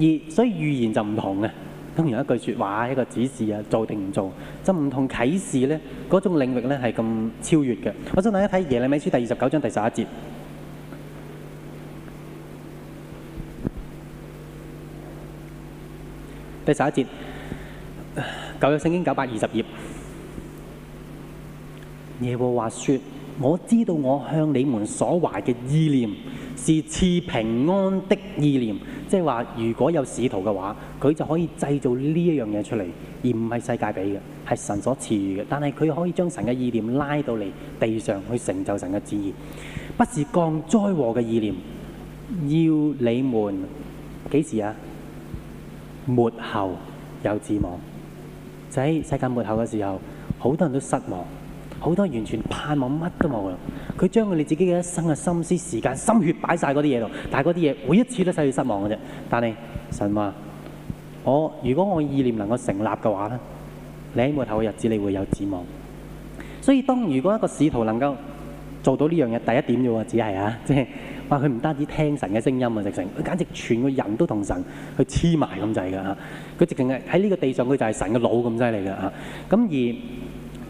而所以預言就唔同嘅，當然有一句説話、一個指示啊，做定唔做就唔同。啟示呢嗰種領域呢係咁超越嘅。我想大家睇耶利米書第二十九章第十一節。第十一節，舊約聖經九百二十頁，耶和華說：我知道我向你們所懷嘅意念是賜平安的意念，即係話如果有使徒嘅話，佢就可以製造呢一樣嘢出嚟，而唔係世界俾嘅，係神所賜予嘅。但係佢可以將神嘅意念拉到嚟地上去成就神嘅旨意，不是降災禍嘅意念。要你們幾時啊？末後有指望，就喺、是、世界末後嘅時候，好多人都失望，好多人完全盼望乜都冇啦。佢將佢哋自己嘅一生嘅心思、時間、心血擺晒嗰啲嘢度，但係嗰啲嘢每一次都使佢失望嘅啫。但係神話，我如果我意念能夠成立嘅話咧，你喺末後嘅日子你會有指望。所以當，當如果一個使徒能夠做到呢樣嘢，第一點啫喎，只係啊，即、就、係、是。佢、啊、唔單止聽神嘅聲音啊，直情佢簡直全個人都同神去黐埋咁滯㗎嚇！佢直情係喺呢個地上，佢就係神嘅腦咁犀利㗎嚇！咁、啊、而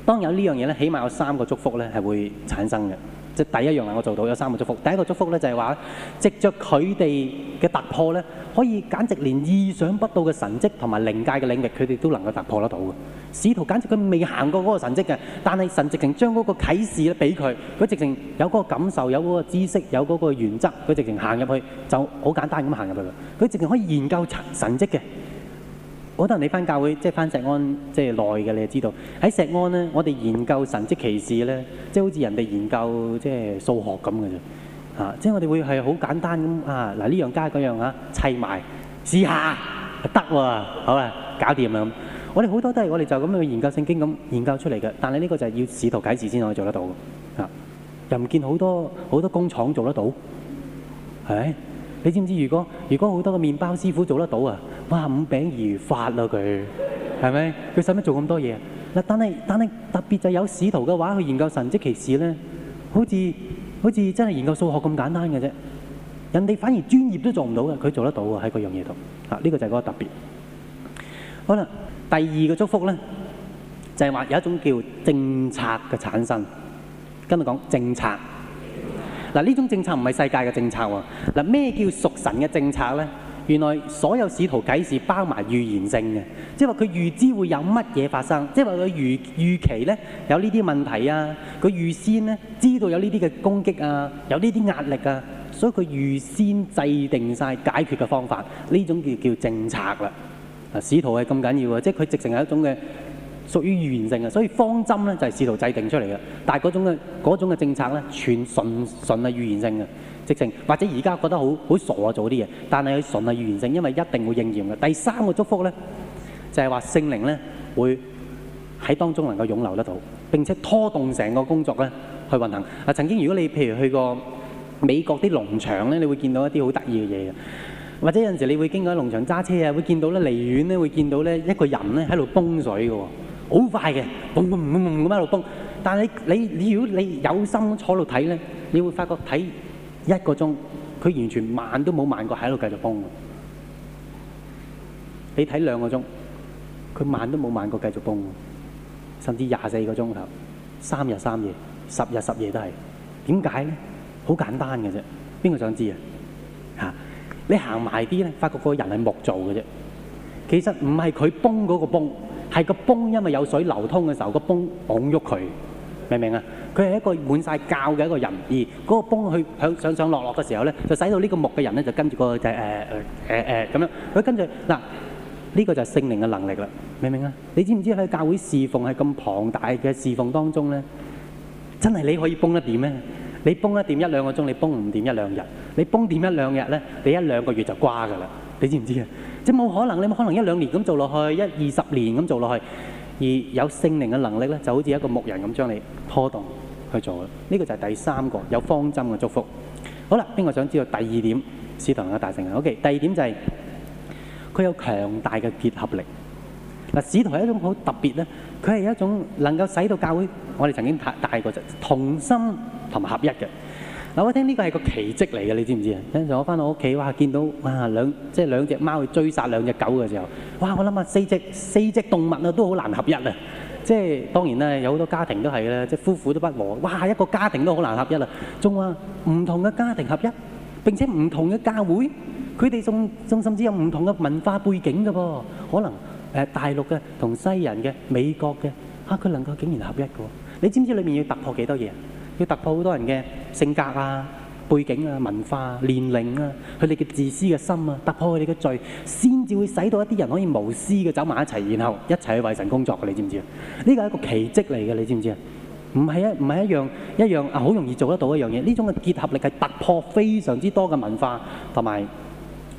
當有呢樣嘢咧，起碼有三個祝福咧係會產生嘅，即係第一樣能夠做到有三個祝福。第一個祝福咧就係話，藉着佢哋嘅突破咧，可以簡直連意想不到嘅神蹟同埋靈界嘅領域，佢哋都能夠突破得到嘅。使徒簡直佢未行過嗰個神蹟嘅，但係神直情將嗰個啟示咧俾佢，佢直情有嗰個感受，有嗰個知識，有嗰個原則，佢直情行入去就好簡單咁行入去，佢直情可以研究神蹟嘅。可能你翻教會即係翻石安即係耐嘅，你知道喺石安咧，我哋研究神蹟奇事咧，即係好似人哋研究即係數學咁嘅啫。啊，即係我哋會係好簡單咁啊！嗱呢樣加嗰樣啊，砌埋試下得喎、啊啊，好啊，搞掂啦咁。我哋好多都係我哋就咁去研究聖經咁研究出嚟嘅，但係呢個就係要使徒解釋先可以做得到。啊，又唔見好多好多工廠做得到，係咪？你知唔知如？如果如果好多個麵包師傅做得到啊，哇五餅二魚啊，佢，係咪？佢使乜做咁多嘢？嗱，但係但係特別就有使徒嘅話去研究神蹟奇事咧，好似好似真係研究數學咁簡單嘅啫。人哋反而專業都做唔到嘅，佢做得到啊。喺嗰樣嘢度。啊，呢個就係嗰個特別。好啦。第二個祝福呢，就係話有一種叫政策嘅產生。今日講政策，呢種政策唔係世界嘅政策喎。咩叫屬神嘅政策呢？原來所有使徒解説包埋預言性嘅，即係話佢預知會有乜嘢發生，即係話佢預預期呢，有呢啲問題啊，佢預先呢知道有呢啲嘅攻擊啊，有呢啲壓力啊，所以佢預先制定晒解決嘅方法，呢種叫叫政策啦。嗱，使徒係咁緊要嘅，即係佢直情係一種嘅屬於預言性嘅，所以方針咧就係使徒制定出嚟嘅。但係嗰種嘅嗰種嘅政策咧，全純純係預言性嘅，直情或者而家覺得好好傻做啲嘢，但係佢純係預言性，因為一定會應驗嘅。第三個祝福咧，就係、是、話聖靈咧會喺當中能夠湧流得到，並且拖動成個工作咧去運行。嗱，曾經如果你譬如去過美國啲農場咧，你會見到一啲好得意嘅嘢嘅。或者有陣時你會經過喺農場揸車啊，會見到咧離遠咧會見到咧一個人咧喺度泵水嘅喎，好快嘅，嘣嘣嘣咁喺度泵。但係你你如果你，你有心坐度睇咧，你會發覺睇一個鐘，佢完全慢都冇慢過喺度繼續泵嘅。你睇兩個鐘，佢慢都冇慢過繼續泵。甚至廿四個鐘頭，三日三夜，十日十夜都係。點解咧？好簡單嘅啫。邊個想知啊？嚇！你行埋啲咧，發覺個人係木做嘅啫。其實唔係佢崩嗰個崩，係個崩因為有水流通嘅時候，個崩拱喐佢，明唔明啊？佢係一個滿晒教嘅一個人，而嗰個崩去向上上落落嘅時候咧，就使到呢個木嘅人咧就跟住個就誒誒誒誒咁樣。佢跟住嗱，呢個就係聖靈嘅能力啦，明唔明啊？你知唔知喺教會侍奉喺咁龐大嘅侍奉當中咧，真係你可以崩得掂咩？你崩一點一兩個鐘，你崩五點一兩日，你崩點一兩日你一兩個,個月就瓜㗎喇你知唔知道即係冇可能，你冇可能一兩年咁做落去，一二十年咁做落去，而有聖靈嘅能力呢就好似一個木人咁將你拖動去做啦呢、這個就係第三個有方針嘅祝福。好啦邊個想知道第二點？使徒有大聖人。O、okay, K，第二點就係、是、佢有強大嘅結合力。嗱，使徒有一種好特別呢。佢係一種能夠使到教會我們，我哋曾經大過同心同合一嘅。我一聽呢個係個奇蹟嚟嘅，你知唔知啊？跟住我返到屋企，見到兩隻貓去追殺兩隻狗嘅時候，我諗四,四隻動物都好難合一，即當然有好多家庭都係，即夫婦都不和，一個家庭都好難合一，仲話唔同嘅家庭合一，並且唔同嘅教會，佢哋仲甚至有唔同嘅文化背景，可能。誒大陸嘅同西人嘅美國嘅啊，佢能夠竟然合一嘅喎！你知唔知裏面要突破幾多嘢？要突破好多人嘅性格啊、背景啊、文化、年齡啊，佢哋嘅自私嘅心啊，突破佢哋嘅罪，先至會使到一啲人可以無私嘅走埋一齊，然後一齊去為神工作嘅。你知唔知啊？呢個係一個奇蹟嚟嘅，你知唔知唔係唔係啊？唔係一唔係一樣一樣啊，好容易做得到嘅一樣嘢。呢種嘅結合力係突破非常之多嘅文化同埋。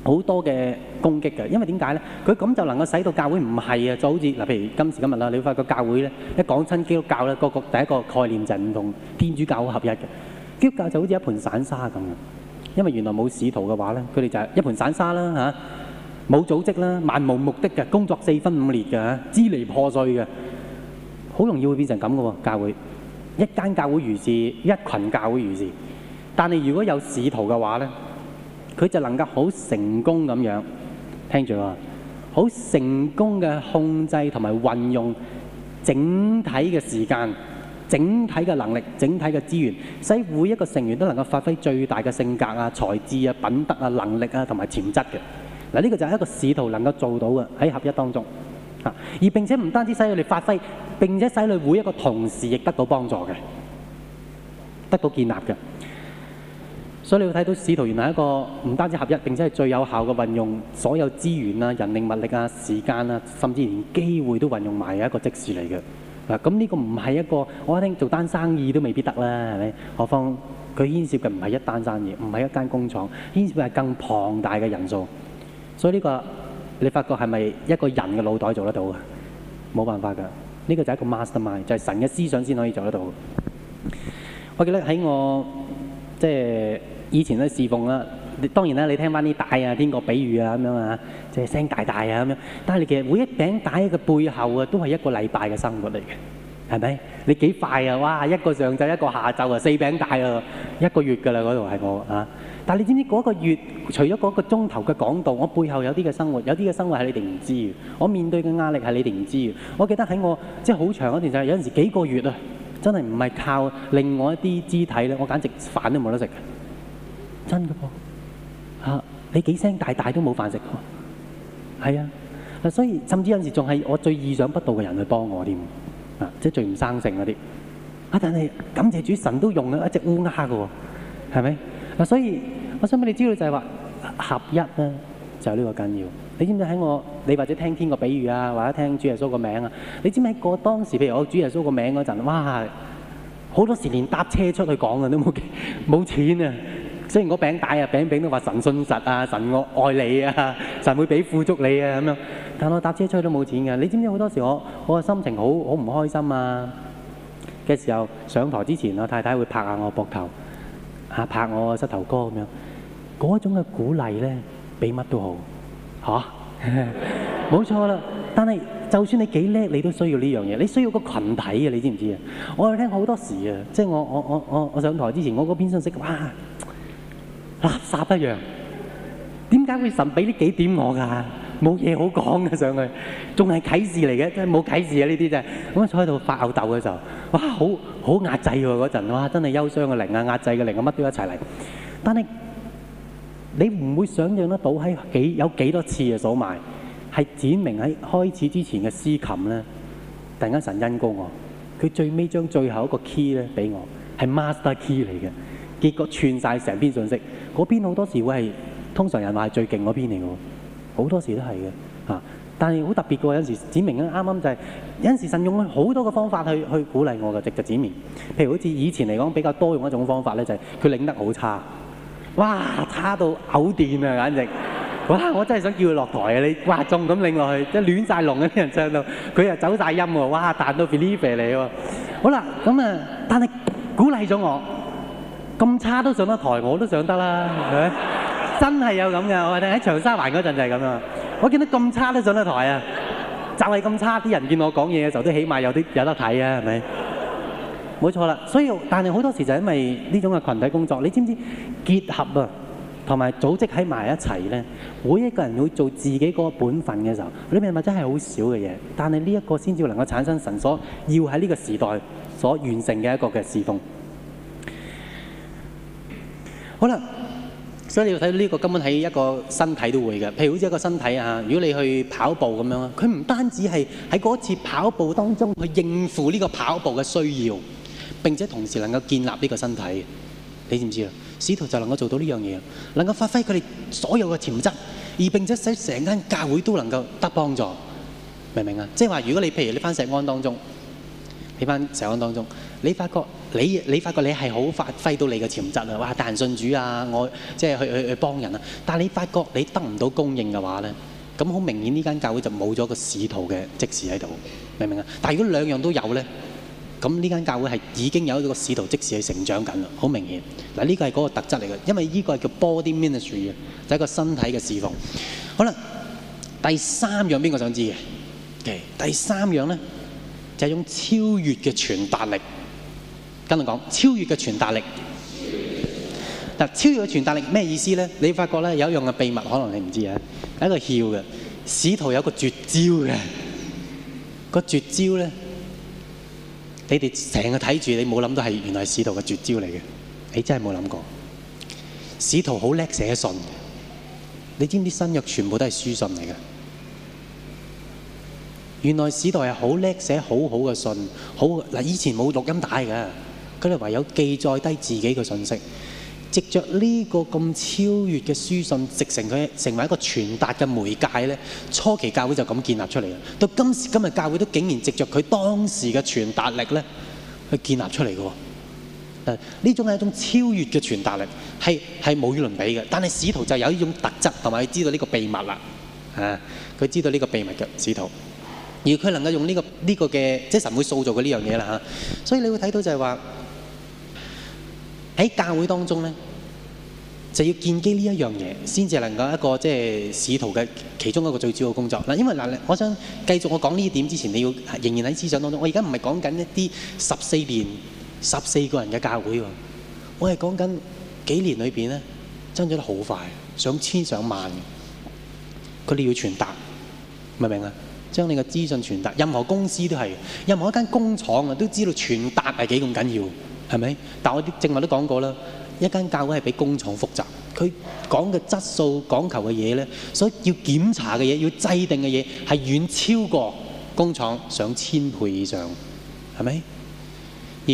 好多嘅攻擊嘅，因為點解呢，佢咁就能夠使到教會唔係啊，就好似，嗱，譬如今時今日啦，你會發覺教會呢，一講親基督教呢，個個第一個概念就唔同，天主教合一嘅，基督教就好似一盤散沙咁。因為原來冇使徒嘅話呢，佢哋就係一盤散沙啦，冇組織啦，漫無目的嘅工作，四分五裂嘅，支離破碎嘅，好容易會變成咁嘅喎教會，一間教會如是，一群教會如是，但係如果有使徒嘅話呢。佢就能夠好成功咁樣，聽住啊，好成功嘅控制同埋運用整體嘅時間、整體嘅能力、整體嘅資源，使每一個成員都能夠發揮最大嘅性格啊、才智啊、品德啊、能力啊同埋潛質嘅。嗱，呢個就係一個使徒能夠做到嘅喺合一當中嚇，而並且唔單止使佢哋發揮，並且使佢每一個同事亦得到幫助嘅，得到建立嘅。所以你會睇到使徒原來一個唔單止合一，並且係最有效嘅運用所有資源啊、人力物力啊、時間啊，甚至連機會都運用埋嘅一個職事嚟嘅嗱。咁呢個唔係一個，我一定做單生意都未必得啦，係咪？何況佢牽涉嘅唔係一單生意，唔係一間工廠，牽涉嘅係更龐大嘅人數。所以呢個你發覺係咪一個人嘅腦袋做得到嘅？冇辦法㗎，呢個就係一個 mastermind，就係神嘅思想先可以做得到。我記得喺我即係。以前咧侍奉啦，當然啦，你聽翻啲帶啊，邊個比喻啊咁樣啊，即係聲大大啊咁樣。但係你其實每一餅帶嘅背後啊，都係一個禮拜嘅生活嚟嘅，係咪？你幾快啊？哇！一個上晝一個下晝啊，四餅帶啊，一個月㗎啦嗰度係我嚇、啊。但係你知唔知嗰個月除咗嗰個鐘頭嘅講道，我背後有啲嘅生活，有啲嘅生活係你哋唔知嘅。我面對嘅壓力係你哋唔知嘅。我記得喺我即係好長一段就係有陣時幾個月啊，真係唔係靠另外一啲肢體咧，我簡直飯都冇得食。真嘅噃嚇，你幾聲大大都冇飯食喎，係啊，嗱，所以甚至有陣時仲係我最意想不到嘅人去幫我添，啊，即係最唔生性嗰啲。啊，但係感謝主神都用啊一隻烏鴉嘅喎，係咪？嗱，所以我想俾你知道就係話合一啊，就呢個緊要。你知唔知喺我你或者聽天個比喻啊，或者聽主耶穌個名啊？你知唔知喺個當時譬如我主耶穌個名嗰陣，哇，好多時連搭車出去講啊，都冇，冇錢啊！雖然我餅大啊，餅餅都話神信實啊，神愛愛你啊，神會俾富足你啊咁樣。但我搭車出去都冇錢㗎。你知唔知好多時我我心情好好唔開心啊嘅時候，上台之前，我太太會拍下我膊頭、啊，拍我膝頭哥咁樣。嗰種嘅鼓勵咧，比乜都好嚇。冇、啊、 (laughs) 錯啦。但係就算你幾叻，你都需要呢樣嘢。你需要個群體啊，你知唔知啊？我有聽好多時啊，即係我我我我我上台之前，我嗰篇訊息。哇～垃圾一樣，點解會神俾呢幾點我㗎？冇嘢好講嘅上去，仲係啟示嚟嘅，真係冇啟示啊！呢啲真係，咁啊坐喺度發吽竇嘅時候，哇！好好壓制喎嗰陣，哇！真係憂傷嘅靈啊，壓制嘅靈啊，乜都一齊嚟。但係你唔會想象得到喺幾有幾多次嘅組埋，係展明喺開始之前嘅詩琴咧。突然間神恩膏我，佢最尾將最後一個 key 咧俾我，係 master key 嚟嘅，結果串曬成篇信息。嗰邊好多時會係通常人話係最勁嗰邊嚟嘅，好多時都係嘅嚇。但係好特別嘅喎，有時指明啱啱就係、是、有陣時神用好多個方法去去鼓勵我嘅，直就指明，譬如好似以前嚟講比較多用一種方法咧，就係佢領得好差，哇差到嘔電啊！簡直，哇我真係想叫佢落台啊！你掛鐘咁領落去，即係亂晒龍啊，啲人唱到，佢又走晒音喎，哇彈到飛哩啡呢嚟喎、啊。好啦，咁啊，但係鼓勵咗我。咁差都上得台，我都上得啦，係咪？真係有咁嘅，我哋喺長沙環嗰陣就係咁啊！我見到咁差都上得台啊，就係、是、咁差啲人見我講嘢，嘅時候，都起碼有啲有得睇啊，係咪？冇錯啦，所以但係好多時就因為呢種嘅群體工作，你知唔知結合啊同埋組織喺埋一齊咧，每一個人去做自己嗰個本分嘅時候，你明唔明真係好少嘅嘢，但係呢一個先至能夠產生神所要喺呢個時代所完成嘅一個嘅侍奉。好啦，所以你要睇到呢個根本喺一個身體都會嘅，譬如好似一個身體啊，如果你去跑步咁樣，佢唔單止係喺嗰次跑步當中去應付呢個跑步嘅需要，並且同時能夠建立呢個身體，你知唔知啊？使徒就能夠做到呢樣嘢，能夠發揮佢哋所有嘅潛質，而並且使成間教會都能夠得幫助，明唔明啊？即係話如果你譬如你翻石安當中。喺翻社光當中，你發覺你你發覺你係好發揮到你嘅潛質啊！哇，但信主啊，我即係去去去幫人啊！但你發覺你得唔到供應嘅話咧，咁好明顯呢間教會就冇咗個使徒嘅即時喺度，明唔明啊？但如果兩樣都有咧，咁呢間教會係已經有咗個使徒即時去成長緊啦，好明顯嗱，呢個係嗰個特質嚟嘅，因為呢個係叫 body ministry 啊，就係個身體嘅侍奉。好啦，第三樣邊個想知嘅？第三樣咧？就係一種超越嘅傳達力，跟住講超越嘅傳達力。嗱，超越嘅傳達力咩意思咧？你發覺咧有用嘅秘密，可能你唔知啊！喺度笑嘅，使徒有個絕招嘅，個絕招咧，你哋成日睇住，你冇諗到係原來係使徒嘅絕招嚟嘅，你真係冇諗過。使徒好叻寫信嘅。你知唔知新約全部都係書信嚟嘅？原來使徒係好叻寫好好嘅信，好，嗱，以前冇錄音帶嘅，佢哋唯有記載低自己嘅信息。藉着呢個咁超越嘅書信，直成佢成為一個傳達嘅媒介咧。初期教會就咁建立出嚟嘅，到今時今日教會都竟然藉着佢當時嘅傳達力咧去建立出嚟嘅。誒，呢種係一種超越嘅傳達力，係，係無與倫比嘅。但係使徒就有呢種特質，同埋佢知道呢個秘密啦。啊，佢知道呢個秘密嘅使徒。而佢能夠用呢、這個嘅，這個、即神會塑造嘅呢樣嘢。所以你會睇到就係話喺教會當中呢，就要建基呢一樣嘢，先至能夠一個即使徒嘅其中一個最主要嘅工作。因為我想繼續我講呢點之前，你要仍然喺思想當中。我而家唔係講緊一啲十四年十四個人嘅教會喎，我係講緊幾年裏面呢，增長得好快，上千上萬，佢哋要傳達，明唔明啊？將你嘅資訊傳達，任何公司都係，任何一間工廠都知道傳達係幾咁緊要，係咪？但我啲正話都講過啦，一間教會係比工廠複雜，佢講嘅質素講求嘅嘢咧，所以要檢查嘅嘢，要制定嘅嘢係遠超過工廠上千倍以上，係咪？而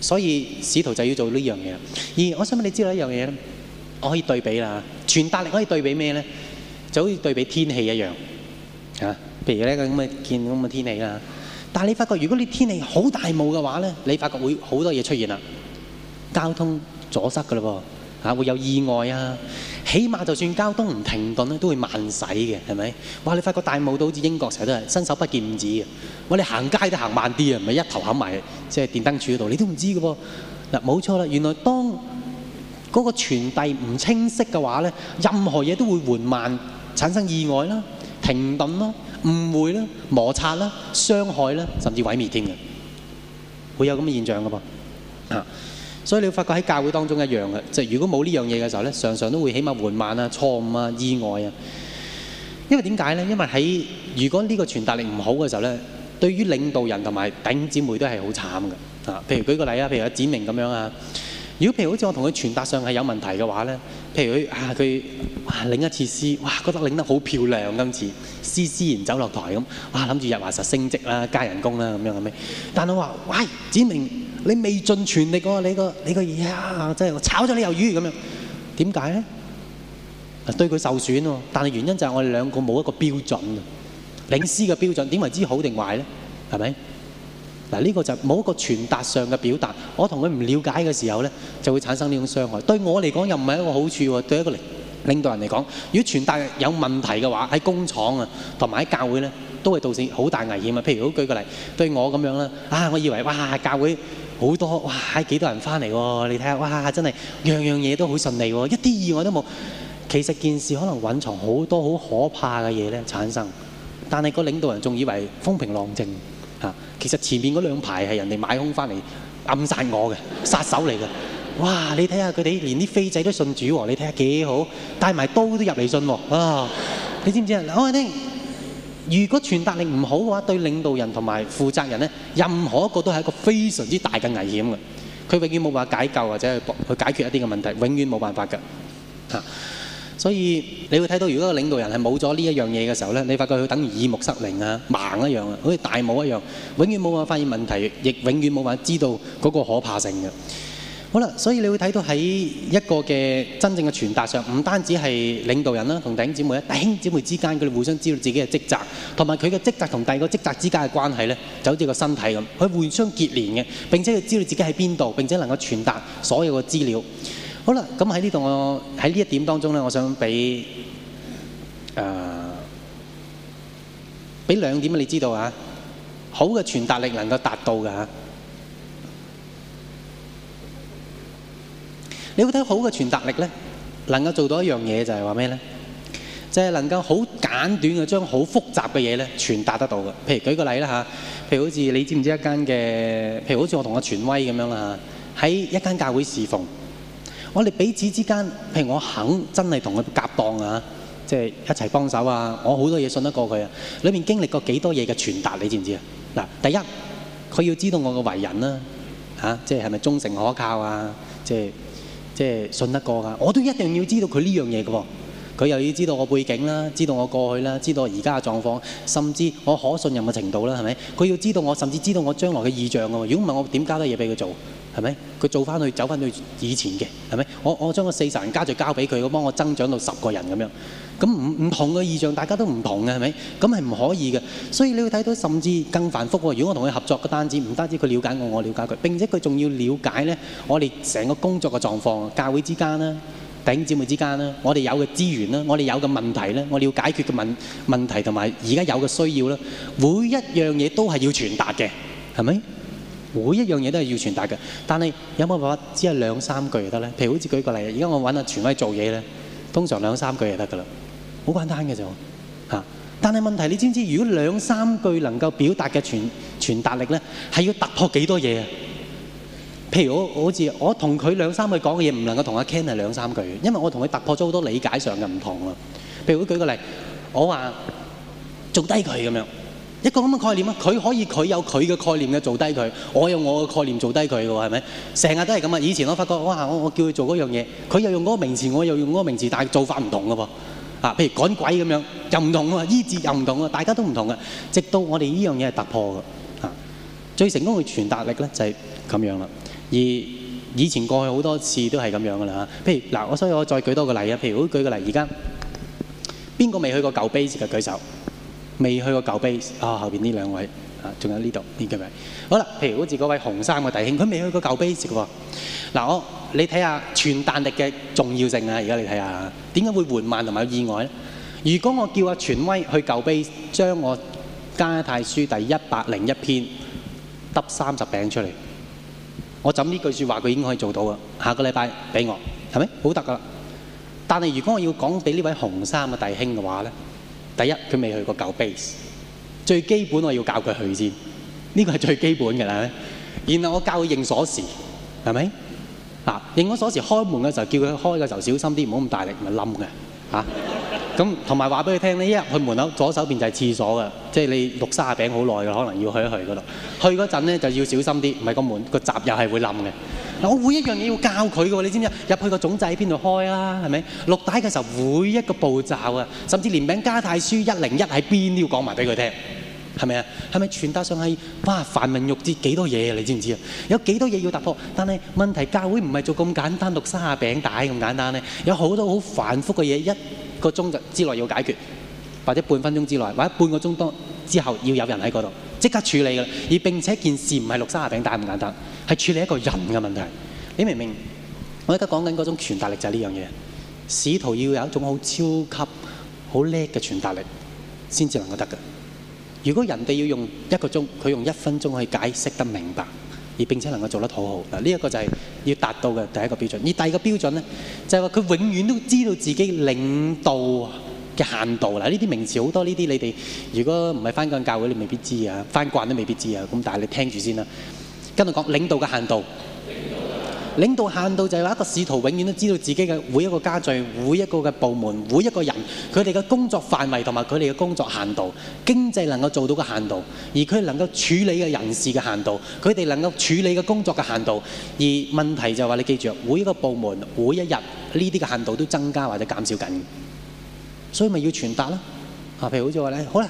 所以使徒就要做呢樣嘢。而我想問你知道一樣嘢呢，我可以對比啦，傳達力可以對比咩呢？就好似對比天氣一樣。嚇、啊，譬如呢個咁嘅見咁嘅天氣啦，但係你發覺如果你天氣好大霧嘅話咧，你發覺會好多嘢出現啦，交通阻塞㗎喇噃，嚇、啊、會有意外啊，起碼就算交通唔停頓咧，都會慢駛嘅，係咪？哇！你發覺大霧到好似英國成日都係伸手不見五指嘅，我哋行街都行慢啲啊，唔係一頭揞埋即係電燈柱嗰度，你都唔知嘅噃嗱，冇、啊、錯啦，原來當嗰個傳遞唔清晰嘅話咧，任何嘢都會緩慢產生意外啦。平等啦，誤會啦、啊、摩擦啦、啊、傷害啦、啊，甚至毀滅添嘅，會有咁嘅現象噶噃啊！所以你會發覺喺教會當中一樣嘅，就係、如果冇呢樣嘢嘅時候咧，常常都會起碼緩慢啊、錯誤啊、意外啊。因為點解咧？因為喺如果呢個傳達力唔好嘅時候咧，對於領導人同埋弟兄姊妹都係好慘嘅啊。譬如舉個例啊，譬如阿子明咁樣啊。如果譬如好似我同佢傳達上係有問題嘅話呢，譬如佢領、啊啊、領一次詩，哇覺得領得好漂亮今次，施施然走落台咁，諗住入華實升職啦、加人工啦咁樣，但係我話：，喂，子明，你未盡全力你個你個嘢啊，真係炒咗你魷魚咁樣，點解呢？對佢受損喎，但係原因就係我哋兩個冇一個標準，領詩嘅標準點為之好定壞呢？係咪？嗱呢個就冇一個傳達上嘅表達，我同佢唔了解嘅時候呢，就會產生呢種傷害。對我嚟講又唔係一個好處喎、啊，對一個領導人嚟講，如果傳達有問題嘅話，喺工廠啊同埋喺教會呢，都會導致好大危險啊。譬如好舉個例子，對我咁樣啦，啊，我以為哇，教會好多哇，幾多人返嚟喎、啊？你睇下哇，真係樣樣嘢都好順利喎、啊，一啲意外都冇。其實件事可能隱藏好多好可怕嘅嘢西呢產生，但係個領導人仲以為風平浪靜。其實前面嗰兩排係人哋買空翻嚟暗殺我嘅殺手嚟嘅，哇！你睇下佢哋連啲飛仔都信主喎，你睇下幾好，帶埋刀都入嚟信喎，啊！你知唔知啊？我話你聽，如果傳達力唔好嘅話，對領導人同埋負責人咧，任何一個都係一個非常之大嘅危險嘅，佢永遠冇辦法解救或者去去解決一啲嘅問題，永遠冇辦法嘅。嚇！所以你會睇到，如果個領導人係冇咗呢一樣嘢嘅時候呢，你發覺佢等於耳目失靈啊，盲一樣啊，好似大霧一樣，永遠冇辦法發現問題，亦永遠冇辦法知道嗰個可怕性嘅。好啦，所以你會睇到喺一個嘅真正嘅傳達上，唔單止係領導人啦，同弟兄姊妹啦，弟兄姊妹之間佢哋互相知道自己嘅職責，同埋佢嘅職責同第二個職責之間嘅關係呢，就好似個身體咁，佢互相結連嘅，並且要知道自己喺邊度，並且能夠傳達所有嘅資料。好啦，咁喺呢度，喺呢一點當中呢，我想俾兩點、呃、兩點你知道、啊、好嘅傳達力能夠達到嘅，你你睇好嘅傳達力呢，能夠做到一樣嘢，就係話咩呢？就係、係、能夠好簡短嘅將好複雜嘅嘢咧傳達得到嘅。譬如舉個例啦嚇，譬如好似你知唔知道一間嘅，譬如好似我同阿全威咁樣啦，喺一間教會侍奉。我哋彼此之間，譬如我肯真係同佢夾檔啊，即係一齊幫手啊，我好多嘢信得過佢啊。裏面經歷過幾多嘢嘅傳達，你知唔知啊？嗱，第一佢要知道我嘅為人啦，嚇，即係係咪忠誠可靠啊？即係即係信得過噶。我都一定要知道佢呢樣嘢嘅喎。佢又要知道我背景啦，知道我過去啦，知道我而家嘅狀況，甚至我可信任嘅程度啦，係咪？佢要知道我，甚至知道我將來嘅意象嘅喎。如果唔係，要我點交多嘢俾佢做？係咪？佢做翻去走翻去以前嘅，係咪？我我將個四十人家族交俾佢，我幫我增長到十個人咁樣。咁唔唔同嘅意象，大家都唔同嘅，係咪？咁係唔可以嘅。所以你要睇到，甚至更繁複喎。如果我同佢合作嘅單子，唔單止佢了解我，我了解佢。並且佢仲要了解咧，我哋成個工作嘅狀況，教會之間啦，弟兄姊妹之間啦，我哋有嘅資源啦，我哋有嘅問題啦，我哋要解決嘅問問題同埋而家有嘅需要啦，每一樣嘢都係要傳達嘅，係咪？每一樣嘢都係要傳達嘅，但係有冇辦法只係兩三句就得咧？譬如好似舉個例，而家我揾阿傳威做嘢咧，通常兩三句就得噶啦，好簡單嘅啫嚇。但係問題是你知唔知？如果兩三句能夠表達嘅傳傳達力咧，係要突破幾多嘢啊？譬如我好似我同佢兩三句講嘅嘢，唔能夠同阿 Ken 係兩三句，因為我同佢突破咗好多理解上嘅唔同喎。譬如我舉個例，我話做低佢咁樣。一個咁嘅概念啊，佢可以佢有佢嘅概念嘅做低佢，我有我嘅概念做低佢嘅喎，係咪？成日都係咁啊！以前我發覺，哇！我我叫佢做嗰樣嘢，佢又用嗰個名詞，我又用嗰個名詞，但係做法唔同嘅喎。啊，譬如趕鬼咁樣，又唔同喎，醫治又唔同喎，大家都唔同嘅。直到我哋呢樣嘢係突破嘅。啊，最成功嘅傳達力咧就係咁樣啦。而以前過去好多次都係咁樣嘅啦。啊，譬如嗱，我所以我再舉多個例啊。譬如我舉個例，而家邊個未去過舊 base 嘅舉手？未去過舊碑，啊、哦、後邊呢兩位，啊仲有呢度呢個位，好啦，譬如好似嗰位紅衫嘅弟兄，佢未去過舊碑食嘅，嗱我，你睇下傳彈力嘅重要性啊！而家你睇下，點解會緩慢同埋意外咧？如果我叫阿、啊、傳威去舊碑將我加太書第一百零一篇得三十餅出嚟，我揾呢句説話，佢已經可以做到啊！下個禮拜俾我，係咪好得㗎？但係如果我要講俾呢位紅衫嘅弟兄嘅話咧？第一，佢未去過舊 base，最基本我要教佢去先，呢個係最基本嘅啦。然後我教佢認鎖匙，係咪？啊，認咗鎖匙開門嘅時候叫佢開嘅時候小心啲，唔好咁大力，咪冧嘅。啊。咁同埋話俾佢聽咧，一入去門口左手邊就係廁所㗎，即係你錄沙餅好耐㗎，可能要去一去嗰度。去嗰陣咧就要小心啲，唔係個門個閘又係會冧嘅。嗱，我會一樣嘢要教佢㗎，你知唔知啊？入去個總掣喺邊度開啦？係咪？錄帶嘅時候每一個步驟啊，甚至連餅加太書一零一喺邊都要講埋俾佢聽，係咪啊？係咪傳達上係哇繁文縟節幾多嘢啊？你知唔知啊？有幾多嘢要突破？但係問題教會唔係做咁簡單錄沙餅帶咁簡單咧，有好多好繁複嘅嘢一。一個鐘之內要解決，或者半分鐘之內，或者半個鐘多之後要有人喺嗰度即刻處理㗎。而並且件事唔係六三啊餅大唔簡單，但唔難得，係處理一個人嘅問題。你明唔明我而家講緊嗰種傳達力就係呢樣嘢，使徒要有一種好超級好叻嘅傳達力先至能夠得㗎。如果人哋要用一個鐘，佢用一分鐘去解釋得明白。而並且能夠做得好好嗱，呢一個就係要達到嘅第一個標準。而第二個標準咧，就係話佢永遠都知道自己領導嘅限度。嗱，呢啲名詞好多呢啲，這些你哋如果唔係翻教會，你未必知啊；翻慣都未必知啊。咁但係你先聽住先啦，跟佢講領導嘅限度。領導限度就係一個使徒，永遠都知道自己嘅每一個家長、每一個嘅部門、每一個人佢哋嘅工作範圍同埋佢哋嘅工作限度、經濟能夠做到嘅限度，而佢哋能夠處理嘅人事嘅限度，佢哋能夠處理嘅工作嘅限度。而問題就係、是、話你記住，每一個部門、每一日呢啲嘅限度都增加或者減少緊，所以咪要傳達咯。啊，譬如好似話好啦。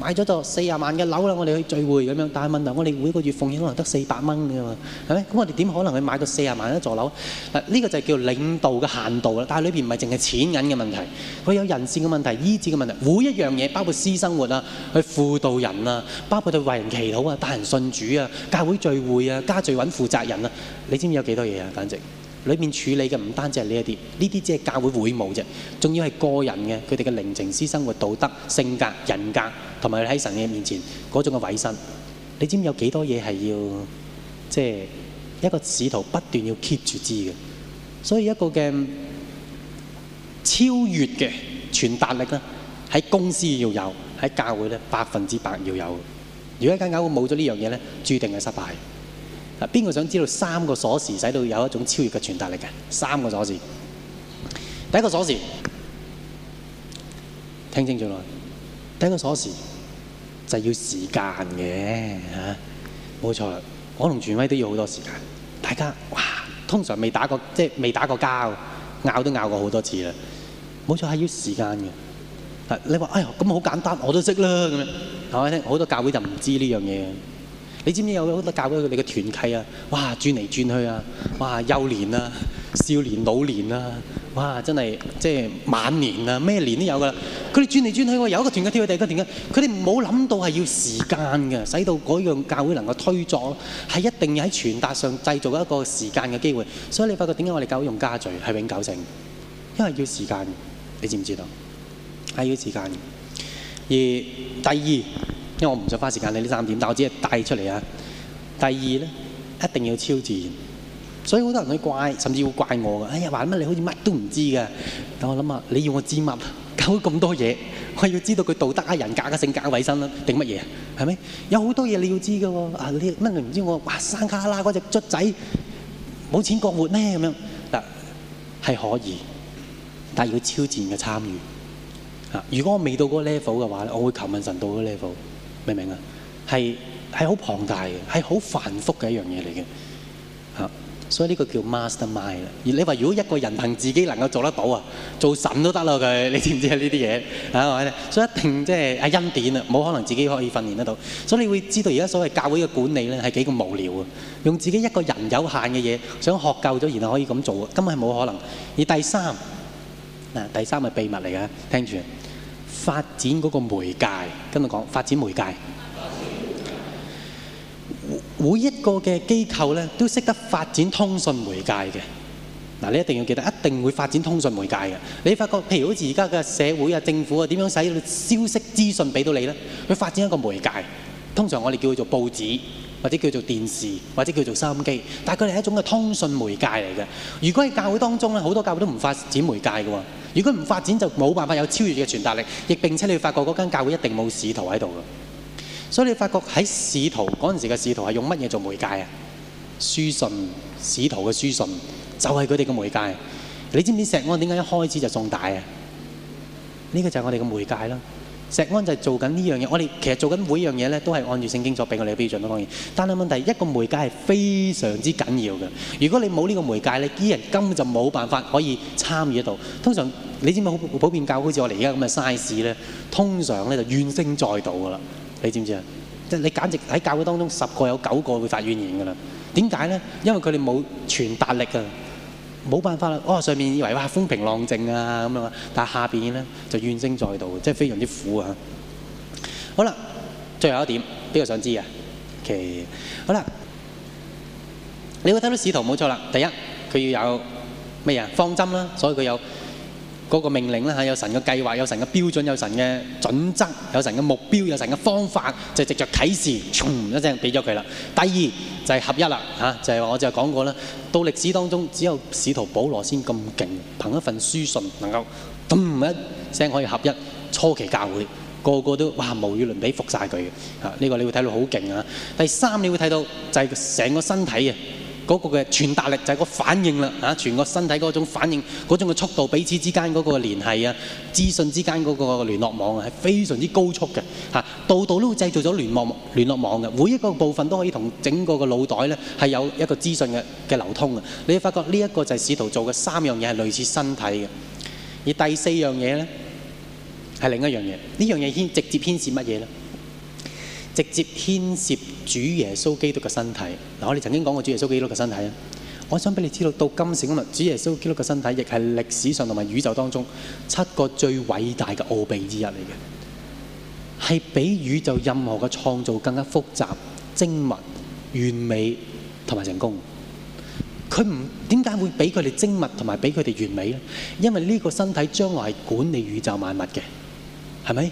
買咗座四十萬嘅樓啦！我哋去聚會咁樣，但係問題，我哋每個月奉獻可能得四百蚊嘅嘛係咪？咁我哋點可能去買到四十萬一座樓嗱？呢、呢個就係叫領導嘅限度啦。但係裏邊唔係淨係錢銀嘅問題，佢有人性嘅問題、醫治嘅問題、每一樣嘢，包括私生活啊、去輔導人啊，包括對為人祈禱啊、帶人信主啊、教會聚會啊、家聚揾負責人啊。你知唔知有幾多嘢啊？簡直裏面處理嘅唔單止係呢一啲，呢啲只係教會會務啫，仲要係個人嘅佢哋嘅靈情、私生活、道德、性格、人格。同埋你喺神嘅面前嗰種嘅委身，你知唔知有幾多嘢係要？即係一個使徒不斷要 keep 住知嘅，所以一個嘅超越嘅傳達力咧，喺公司要有，喺教會咧百分之百要有。如果一間教會冇咗呢樣嘢咧，註定係失敗。啊，邊個想知道三個鎖匙使到有一種超越嘅傳達力嘅？三個鎖匙，第一個鎖匙，聽清楚啦，第一個鎖匙。就係要時間嘅吓，冇錯。我同全威都要好多時間。大家哇，通常未打過，即係未打過交，拗都拗過好多次啦。冇錯係要時間嘅。但，你話哎呀咁好簡單，我都識啦咁樣，係咪先？好多教會就唔知呢樣嘢。你知唔知有好多教會佢哋嘅團契啊？哇，轉嚟轉去啊！哇，幼年啊，少年、老年啊。哇！真係即係晚年啊，咩年都有噶啦。佢哋轉嚟轉去喎，有一個團契跳去第二個團契，佢哋冇諗到係要時間嘅，使到嗰樣教會能夠推撞，係一定要喺傳達上製造一個時間嘅機會。所以你發覺點解我哋教會用家聚係永久性的？因為要時間的，你知唔知道？係要時間。而第二，因為我唔想花時間你呢三點，但我只係帶出嚟啊。第二咧，一定要超自然。所以好多人都會怪，甚至會怪我噶。哎呀，話乜你好似乜都唔知噶。等我諗下，你要我知乜搞咁多嘢，我要知道佢道德啊、人格啊、性格啊、衞生啦，定乜嘢？係咪？有好多嘢你要知嘅喎。啊，你乜你唔知我哇？山卡拉嗰隻卒仔冇錢過活咩？咁樣嗱，係可以，但係要超自然嘅參與。啊，如果我未到嗰個 level 嘅話咧，我會求問神到嗰 level，明唔明啊？係係好龐大嘅，係好繁複嘅一樣嘢嚟嘅。所以呢個叫 mastermind。而你話如果一個人憑自己能夠做得到啊，做神都得咯佢。你知唔知啊呢啲嘢？所以一定即係恩典啊，冇可能自己可以訓練得到。所以你會知道而家所謂教會嘅管理呢係幾咁無聊啊！用自己一個人有限嘅嘢想學夠咗，然後可以噉做啊，根本係冇可能。而第三，第三係秘密嚟噶，聽住發展嗰個媒介，跟我講發展媒介。每一個嘅機構咧，都識得發展通訊媒介嘅。嗱，你一定要記得，一定會發展通訊媒介嘅。你發覺，譬如好似而家嘅社會啊、政府啊，點樣使消息資訊俾到你呢？佢發展一個媒介，通常我哋叫佢做報紙，或者叫做電視，或者叫做收音機。但係佢係一種嘅通訊媒介嚟嘅。如果喺教會當中咧，好多教會都唔發展媒介嘅。如果唔發展，就冇辦法有超越嘅傳達力，亦並且你會發覺嗰間教會一定冇使徒喺度㗎。所以你發覺喺使徒嗰陣時嘅使徒係用乜嘢做媒介啊？書信，使徒嘅書信就係佢哋嘅媒介。你知唔知石安點解一開始就送大啊？呢個就係我哋嘅媒介啦。石安就係做緊呢樣嘢。我哋其實做緊每樣嘢咧，都係按住聖經作俾我哋嘅標準咯。當然，但係問題一個媒介係非常之緊要嘅。如果你冇呢個媒介咧，啲人根本就冇辦法可以參與得到。通常你知唔知普遍教好似我哋而家咁嘅 size 咧，通常咧就怨聲載道噶啦。你知唔知道你簡直喺教會當中十個有九個會發怨言嘅啦。點解呢？因為佢哋冇傳達力呀，冇辦法啦、哦。上面以為風風平浪靜咁、啊、樣，但係下面呢就怨聲載道，即係非常之苦啊。好啦，最後一點，邊個想知道啊？其、okay. 好啦，你覺得啲使徒冇錯啦。第一，佢要有咩啊？方針啦，所以佢有。嗰、那個命令咧，有神嘅計劃，有神嘅標準，有神嘅準則，有神嘅目標，有神嘅方法，就藉著啟示，一聲俾咗佢啦。第二就係、是、合一啦、啊、就係、是、話我就講過啦，到歷史當中只有使徒保羅先咁勁，憑一份書信能夠咚一聲可以合一初期教會，個個都哇無與倫比服晒佢嘅嚇，呢、啊這個你會睇到好勁啊！第三你會睇到就係、是、成個身體啊！嗰、那個嘅傳達力就係個反應啦、啊、全個身體嗰種反應嗰種嘅速度，彼此之間嗰個聯繫啊，資訊之間嗰個聯絡網係、啊、非常之高速嘅、啊、到度度都會製造咗聯，聯絡絡網嘅，每一個部分都可以同整個個腦袋呢係有一個資訊嘅流通嘅。你會發覺呢一個就係使徒做嘅三樣嘢係類似身體嘅，而第四樣嘢呢係另一樣嘢，呢樣嘢偏直接牽涉乜嘢呢？直接牽涉主耶穌基督嘅身體。嗱，我哋曾經講過主耶穌基督嘅身體。我想俾你知道，到今時今日，主耶穌基督嘅身體亦係歷史上同埋宇宙當中七個最偉大嘅奧秘之一嚟嘅，係比宇宙任何嘅創造更加複雜、精密、完美同埋成功。佢唔點解會俾佢哋精密同埋俾佢哋完美呢？因為呢個身體將來係管理宇宙萬物嘅，係咪？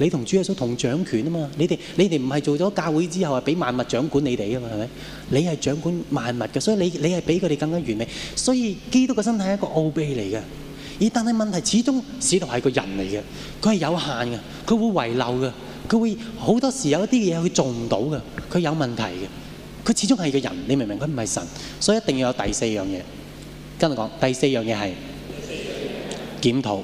你同主耶穌同掌權啊嘛！你哋你哋唔係做咗教會之後啊，俾萬物掌管你哋啊嘛，係咪？你係掌管萬物嘅，所以你你係比佢哋更加完美。所以基督嘅身體係一個奧秘嚟嘅。而但係問題始終，始終係個人嚟嘅，佢係有限嘅，佢會遺漏嘅，佢會好多時有一啲嘢佢做唔到嘅，佢有問題嘅，佢始終係個人，你明唔明？佢唔係神，所以一定要有第四樣嘢。跟住講第四樣嘢係檢討。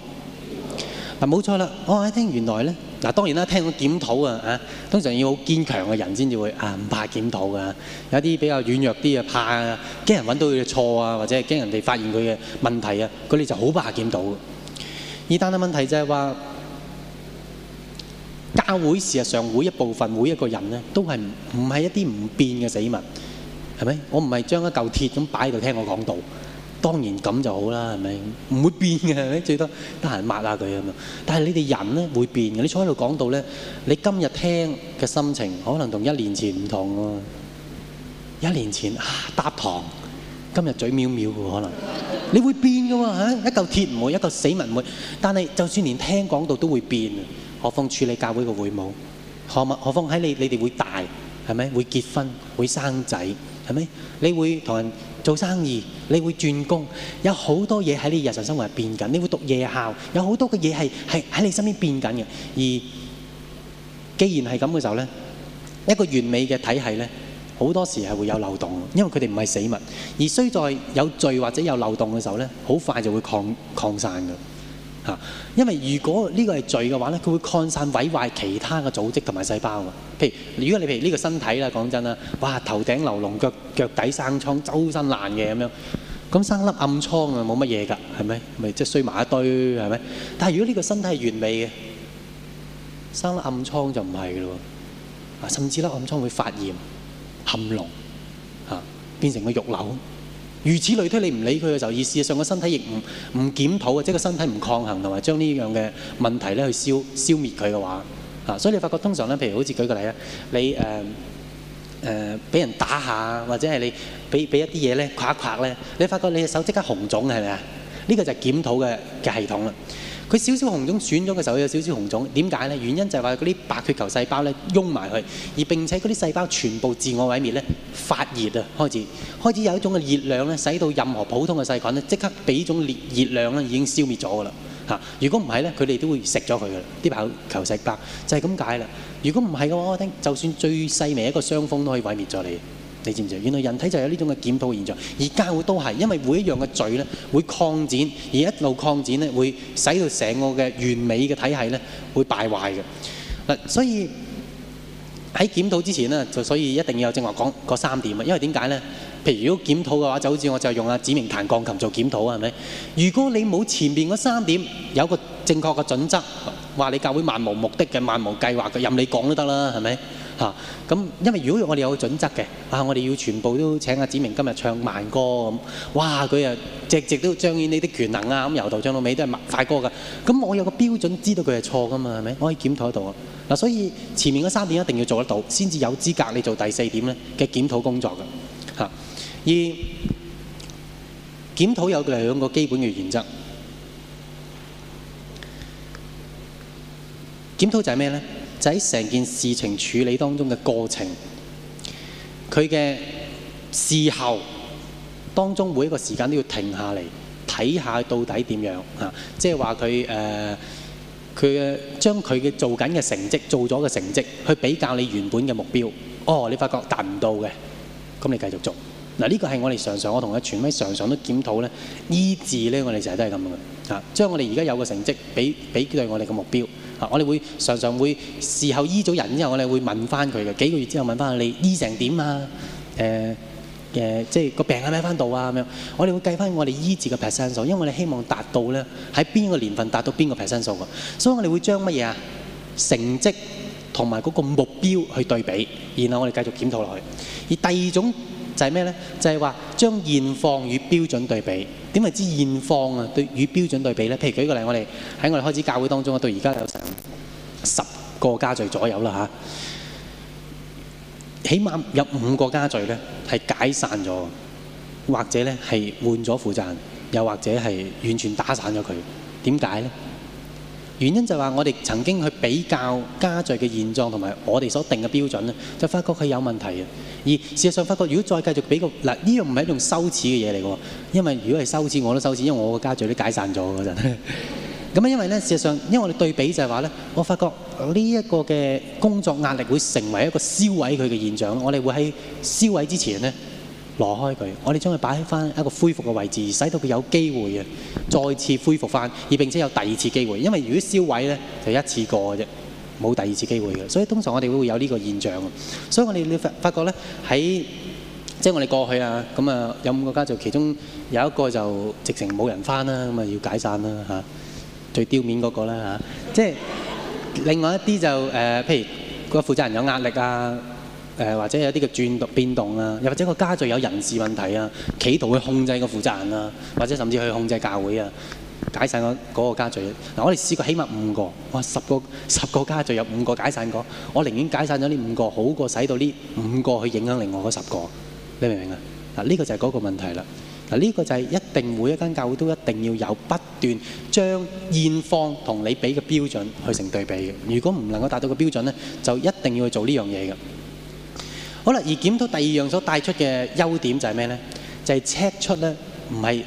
嗱，冇錯啦，我一聽原來咧。嗱、啊，當然啦，聽到檢討啊，啊，通常要好堅強嘅人先至會啊，唔怕檢討噶。有啲比較軟弱啲嘅，怕驚人揾到佢嘅錯啊，或者驚人哋發現佢嘅問題啊，佢哋就好怕檢討。而單單問題就係話，教會事實上每一部分每一個人咧，都係唔唔係一啲唔變嘅死物，係咪？我唔係將一嚿鐵咁擺喺度聽我講道。當然咁就好啦，係咪？唔會變嘅，係咪？最多得閒抹下佢咁樣。但係你哋人咧會變嘅。你坐喺度講道咧，你今日聽嘅心情可能同一年前唔同喎。一年前啊，搭堂，今日嘴藐藐嘅可能。你會變嘅喎嚇，一嚿鐵唔會，一嚿死物唔會。但係就算連聽講道都會變，何況處理教會嘅會務？何何況喺你你哋會大係咪？會結婚會生仔係咪？你會同人。做生意，你會轉工，有好多嘢喺你日常生活裏面變緊。你會讀夜校，有好多嘅嘢係係喺你身邊變緊嘅。而既然係咁嘅時候呢，一個完美嘅體系呢，好多時係會有漏洞，因為佢哋唔係死物。而衰在有罪或者有漏洞嘅時候呢，好快就會擴擴散㗎。因為如果呢個係罪嘅話咧，佢會擴散毀壞其他嘅組織同埋細胞㗎。譬如，如果你譬如呢個身體啦，講真啦，哇頭頂流膿，腳腳底生瘡，周身爛嘅咁樣，咁生粒暗瘡啊冇乜嘢㗎，係咪？咪即係衰埋一堆，係咪？但係如果呢個身體係完美嘅，生粒暗瘡就唔係㗎喎。啊，甚至粒暗瘡會發炎、含膿，嚇變成個肉瘤。如此類推，你唔理佢嘅時候，而事實上個身體亦唔唔檢討啊，即係個身體唔抗衡同埋將呢樣嘅問題咧去消消滅佢嘅話，啊，所以你發覺通常咧，譬如好似舉個例啊，你誒誒俾人打下或者係你俾俾一啲嘢咧誇一誇咧，你發覺你嘅手即刻紅腫嘅係咪啊？呢個就係檢討嘅嘅系統啦。佢少少紅腫，損咗嘅時候有少少紅腫，點解呢？原因就係話嗰啲白血球細胞擁埋佢，而並且嗰啲細胞全部自我毀滅發熱啊，開始開始有一種嘅熱量使到任何普通嘅細菌呢，即刻俾種熱熱量呢已經消滅咗㗎喇。如果唔係呢，佢哋都會食咗佢噶啦，啲白球細胞就係咁解啦。如果唔係嘅話，我聽就算最細微一個傷風都可以毀滅咗你。你知唔知啊？原來人體就有呢種嘅檢討現象，而教會都係，因為每一樣嘅罪咧會擴展，而一路擴展咧會使到成個嘅完美嘅體系咧會敗壞嘅嗱。所以喺檢討之前咧，就所以一定要有正話講嗰三點啊。因為點解呢？譬如如果檢討嘅話，就好似我就用阿子明彈鋼琴做檢討啊，係咪？如果你冇前面嗰三點，有個正確嘅準則，話你教會漫無目的嘅、漫無計劃嘅，任你講都得啦，係咪？嚇、啊！咁因為如果我哋有個準則嘅，啊，我哋要全部都請阿、啊、子明今日唱慢歌咁，哇！佢啊，直直都仗依呢啲權能啊，咁、啊、由頭唱到尾都係慢快歌噶。咁我有個標準，知道佢係錯噶嘛，係咪？我可以檢討得到啊。嗱，所以前面嗰三點一定要做得到，先至有資格你做第四點咧嘅檢討工作噶。嚇、啊！而檢討有兩個基本嘅原則。檢討就係咩咧？喺成件事情處理當中嘅過程，佢嘅事後當中每一個時間都要停下嚟睇下到底點樣啊！即係話佢誒佢將佢嘅做緊嘅成績做咗嘅成績去比較你原本嘅目標，哦，你發覺達唔到嘅，咁你繼續做，嗱，呢個係我哋常常我同阿全威常常都檢討咧，醫治呢治咧，我哋成日都係咁樣嘅啊，將我哋而家有嘅成績比比對我哋嘅目標。我哋會常常會事後醫咗人之後，我哋會問翻佢嘅，幾個月之後問翻佢，你醫成點啊？呃呃，即係個病係咪翻到啊？我哋會計翻我哋醫治嘅 percent 數，因為我哋希望達到呢，喺邊個年份達到邊個 percent 數，所以我哋會將乜嘢成績同埋嗰個目標去對比，然後我哋繼續檢討落去。而第二種。就係、是、咩呢？就係話將現況與標準對比，點什知現況啊？對與標準對比呢？譬如舉個例，我哋喺我哋開始教會當中，我到而家有十個家聚左右啦，起碼有五個家聚呢係解散咗，或者呢係換咗負責人，又或者係完全打散咗佢，點解呢？原因就係話我哋曾經去比較家聚嘅現狀同埋我哋所定嘅標準咧，就發覺佢有問題，而事實上發覺，如果再繼續俾個嗱，呢樣唔係一種羞恥嘅嘢嚟喎，因為如果係羞恥，我都羞恥，因為我個家聚都解散咗嗰陣。咁啊，因為咧，事實上，因為我哋對比就係話咧，我發覺呢一個嘅工作壓力會成為一個燒毀佢嘅現象。我哋會喺燒毀之前咧。攞開佢，我哋將佢擺翻一個恢復嘅位置，使到佢有機會啊，再次恢復翻，而並且有第二次機會。因為如果燒毀呢，就一次過嘅啫，冇第二次機會嘅。所以通常我哋會有呢個現象。所以我哋發發覺呢，喺即係我哋過去啊，咁、嗯、啊有五個家族，其中有一個就直情冇人翻啦，咁、嗯、啊要解散啦嚇、啊。最丟面嗰個啦、啊、嚇、啊，即係另外一啲就誒、呃，譬如個負責人有壓力啊。誒，或者有一啲嘅轉動變動啊，又或者個家族有人事問題啊，企圖去控制個負責人啊，或者甚至去控制教會啊，解散我嗰個家族。嗱，我哋試過起碼五個，哇，十個十個家族有五個解散過，我寧願解散咗呢五個，好過使到呢五個去影響另外嗰十個。你明唔明啊？嗱，呢個就係嗰個問題啦。嗱，呢個就係一定每一間教會都一定要有不斷將現況同你俾嘅標準去成對比嘅。如果唔能夠達到個標準咧，就一定要去做呢樣嘢嘅。好啦，而檢討第二樣所帶出嘅優點就係咩咧？就係 check 出咧，唔係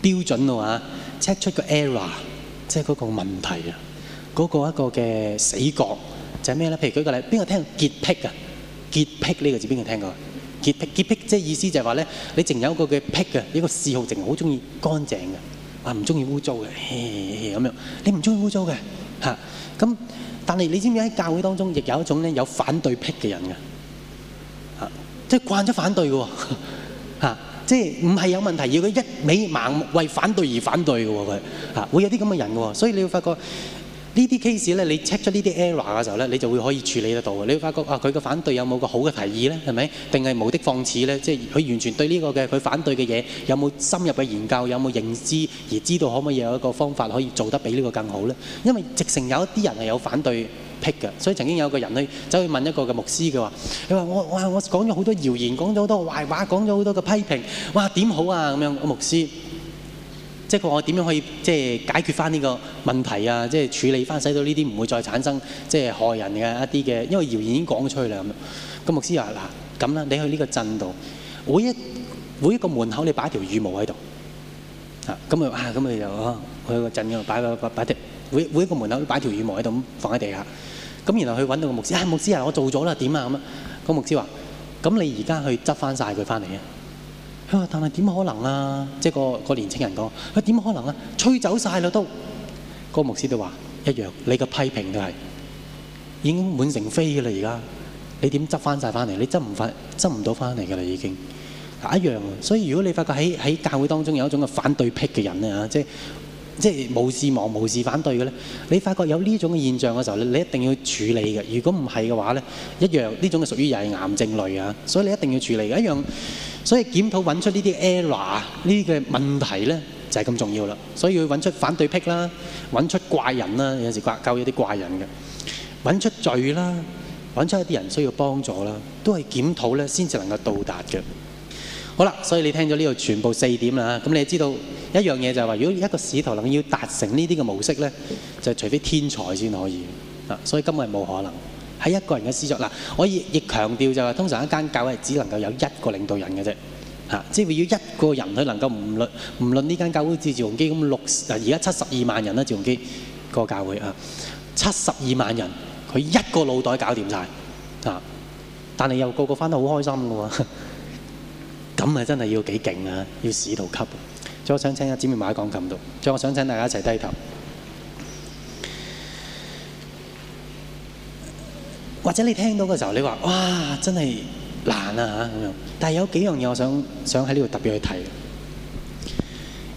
標準咯啊！check 出個 error，即係嗰個問題啊，嗰個一個嘅死角就係咩咧？譬如舉個例，邊個聽潔癖啊？潔癖呢個字邊個聽過？潔癖潔癖，即係意思就係話咧，你淨有一個嘅癖嘅一個嗜好，淨係好中意乾淨嘅啊，唔中意污糟嘅咁樣。你唔中意污糟嘅嚇咁，但係你知唔知喺教會當中亦有一種咧，有反對癖嘅人嘅。即係慣咗反對嘅喎， (laughs) 即係唔係有問題？如佢一味盲目為反對而反對嘅喎佢嚇， (laughs) 會有啲咁嘅人嘅喎，所以你要發覺呢啲 case 咧，你 check 咗呢啲 error 嘅時候咧，你就會可以處理得到嘅。你會發覺啊，佢嘅反對有冇個好嘅提議咧？係咪？定係無的放矢咧？即係佢完全對呢、呢個嘅佢反對嘅嘢有冇深入嘅研究，有冇認知而知道可唔可以有一個方法可以做得比呢個更好咧？因為直情有一啲人係有反對。辟嘅，所以曾經有個人去走去問一個嘅牧師，佢話：，你話我哇我我講咗好多謠言，講咗好多壞話，講咗好多嘅批評，哇點好啊咁樣？牧師，即係佢話我點樣可以即係、就是、解決翻呢個問題啊？即、就、係、是、處理翻，使到呢啲唔會再產生即係、就是、害人嘅一啲嘅，因為謠言已經講咗出去啦。咁，個牧師話：嗱、啊，咁啦，你去呢個鎮度，每一個每一個門口你擺一條羽毛喺度，啊，咁咪啊，咁咪就、啊、去個鎮度擺個擺啲。每每一個門口擺條羽毛喺度，咁放喺地下。咁然後去揾到牧、哎牧個牧師，啊牧師啊，我做咗啦，點啊咁啊？個牧師話：，咁你而家去執翻晒佢翻嚟啊？但係點可能啊？即係個個年青人講：，佢點可能啊？吹走晒啦都。個牧師都話：一樣，你個批評都係已經滿城飛嘅啦。而家你點執翻晒翻嚟？你執唔翻？執唔到翻嚟嘅啦已經。嗱一樣啊。所以如果你發覺喺喺教會當中有一種嘅反對癖嘅人咧、啊、即係。即係無視忙無視反對嘅咧，你發覺有呢種嘅現象嘅時候咧，你一定要處理嘅。如果唔係嘅話咧，一樣呢種係屬於人癌症類啊，所以你一定要處理嘅一樣。所以檢討揾出呢啲 error 呢啲嘅問題咧，就係、是、咁重要啦。所以要揾出反對癖啦，揾出怪人啦，有時教一啲怪人嘅，揾出罪啦，揾出一啲人需要幫助啦，都係檢討咧先至能夠到達嘅。好啦，所以你聽咗呢度全部四點啦，咁你知道一樣嘢就係話，如果一個使徒能夠達成呢啲嘅模式咧，就除非天才先可以啊，所以今日冇可能喺一個人嘅事作嗱。我亦亦強調就係通常一間教會係只能夠有一個領導人嘅啫嚇，即係要一個人佢能夠唔論唔論呢間教會好似趙鏞基咁六而家七十二萬人啦，趙鏞基個教會啊，七十二萬人佢一個腦袋搞掂晒，啊，但係又個個翻得好開心嘅喎。咁係真係要幾勁呀，要使徒級。再我想請阿姊妹買講鋼琴度，再我想請大家一齊低頭。或者你聽到嘅時候，你話：嘩，真係難呀，啊！」但係有幾樣嘢，我想想喺呢度特別去睇。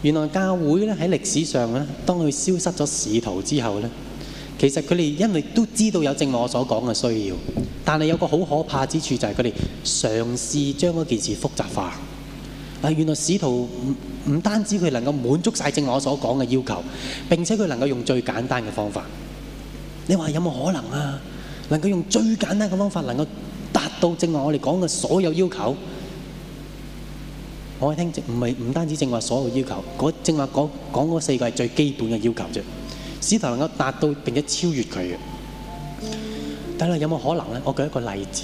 原來教會呢喺歷史上呢，當佢消失咗使徒之後呢。其實佢哋因為都知道有正話我所講嘅需要，但係有個好可怕之處，就係佢哋嘗試將嗰件事複雜化。啊，原來使徒唔唔單止佢能夠滿足曬正話我所講嘅要求，並且佢能夠用最簡單嘅方法。你話有冇可能啊？能夠用最簡單嘅方法能夠達到正話我哋講嘅所有要求？我聽唔係唔單止正話所有要求，嗰正話講講嗰四個係最基本嘅要求啫。使頭能夠達到並且超越佢嘅，但係有冇可能咧？我舉一個例子，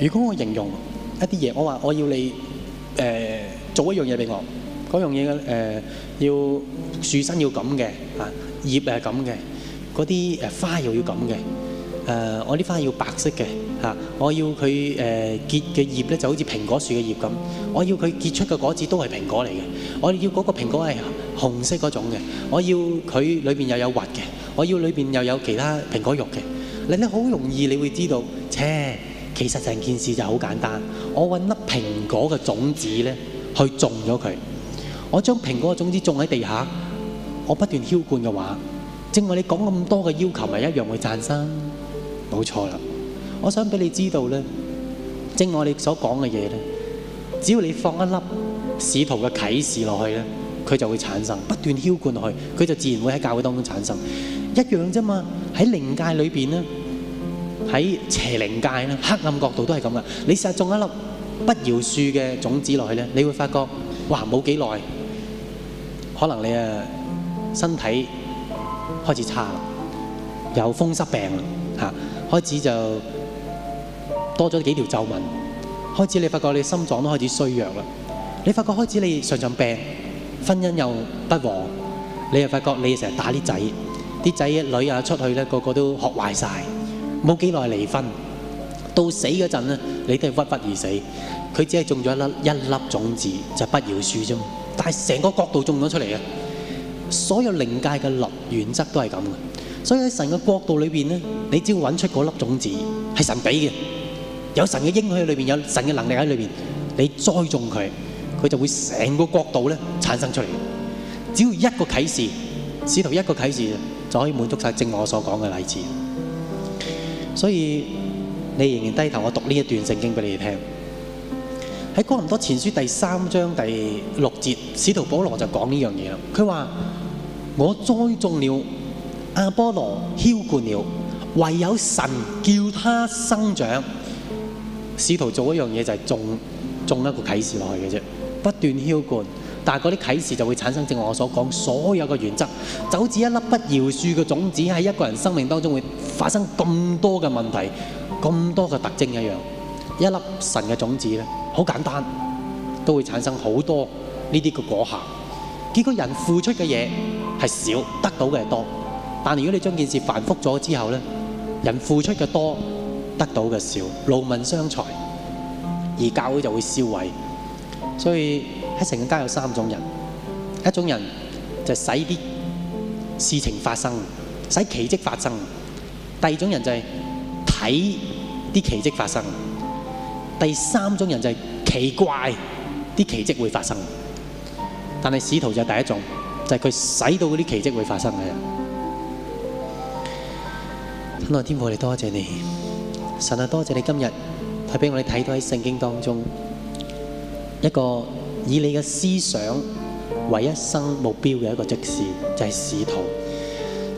如果我形容一啲嘢，我話我要你誒、呃、做一樣嘢俾我，嗰、呃、樣嘢嘅誒要樹身要咁嘅，啊、呃、葉係咁嘅，嗰啲誒花又要咁嘅，誒我啲花要白色嘅，嚇我要佢誒結嘅葉咧就好似蘋果樹嘅葉咁，我要佢、呃、結,結出嘅果子都係蘋果嚟嘅，我要嗰個蘋果係。紅色嗰種嘅，我要佢裏邊又有核嘅，我要裏邊又有其他蘋果肉嘅。嗱，你好容易，你會知道，切，其實成件事就好簡單。我揾粒蘋果嘅種子咧，去種咗佢。我將蘋果嘅種子種喺地下，我不斷澆灌嘅話，正話你講咁多嘅要求，咪一樣會產生，冇錯啦。我想俾你知道咧，正我哋所講嘅嘢咧，只要你放一粒使徒嘅啟示落去咧。佢就會產生不斷澆灌落去，佢就自然會喺教會當中產生一樣啫嘛。喺靈界裏邊咧，喺邪靈界咧，黑暗角度都係咁噶。你實種一粒不饒恕嘅種子落去咧，你會發覺哇，冇幾耐，可能你啊身體開始差啦，有風濕病啦嚇，開始就多咗幾條皺紋，開始你發覺你心臟都開始衰弱啦，你發覺開始你常常病。婚姻又不和，你又發覺你成日打啲仔，啲仔女啊出去咧，個個都學壞晒，冇幾耐離婚，到死嗰陣咧，你都係鬱鬱而死。佢只係種咗一粒一粒種子，就是、不搖樹啫。但係成個國度種咗出嚟啊！所有靈界嘅律原則都係咁嘅。所以喺神嘅國度裏邊咧，你只要揾出嗰粒種子，係神俾嘅，有神嘅應許喺裏邊，有神嘅能力喺裏邊，你栽種佢。佢就會成個角度咧產生出嚟。只要一個啟示，使徒一個啟示就可以滿足晒。正我所講嘅例子。所以你仍然低頭，我讀呢一段聖經俾你哋聽。喺哥林多前書第三章第六節，使徒保羅就講呢樣嘢啦。佢話：我栽種了，阿波羅澆灌了，唯有神叫他生長。使徒做一樣嘢就係種種一個啟示落去嘅啫。不斷澆灌，但係嗰啲啟示就會產生，正如我所講，所有嘅原則，就好似一粒不饒恕嘅種子喺一個人生命當中會發生咁多嘅問題，咁多嘅特徵一樣。一粒神嘅種子咧，好簡單，都會產生好多呢啲嘅果效。結果人付出嘅嘢係少，得到嘅多。但係如果你將件事繁複咗之後咧，人付出嘅多，得到嘅少，勞民傷財，而教會就會銷毀。所以喺成個街有三種人，一種人就係使啲事情發生，使奇蹟發生；第二種人就係睇啲奇蹟發生；第三種人就係奇怪啲奇蹟會發生。但係使徒就係第一種，就係佢使到嗰啲奇蹟會發生嘅。天父，我哋多謝你，神啊，多謝你今日係俾我哋睇到喺聖經當中。一個以你嘅思想為一生目標嘅一個職事，就係、是、使徒。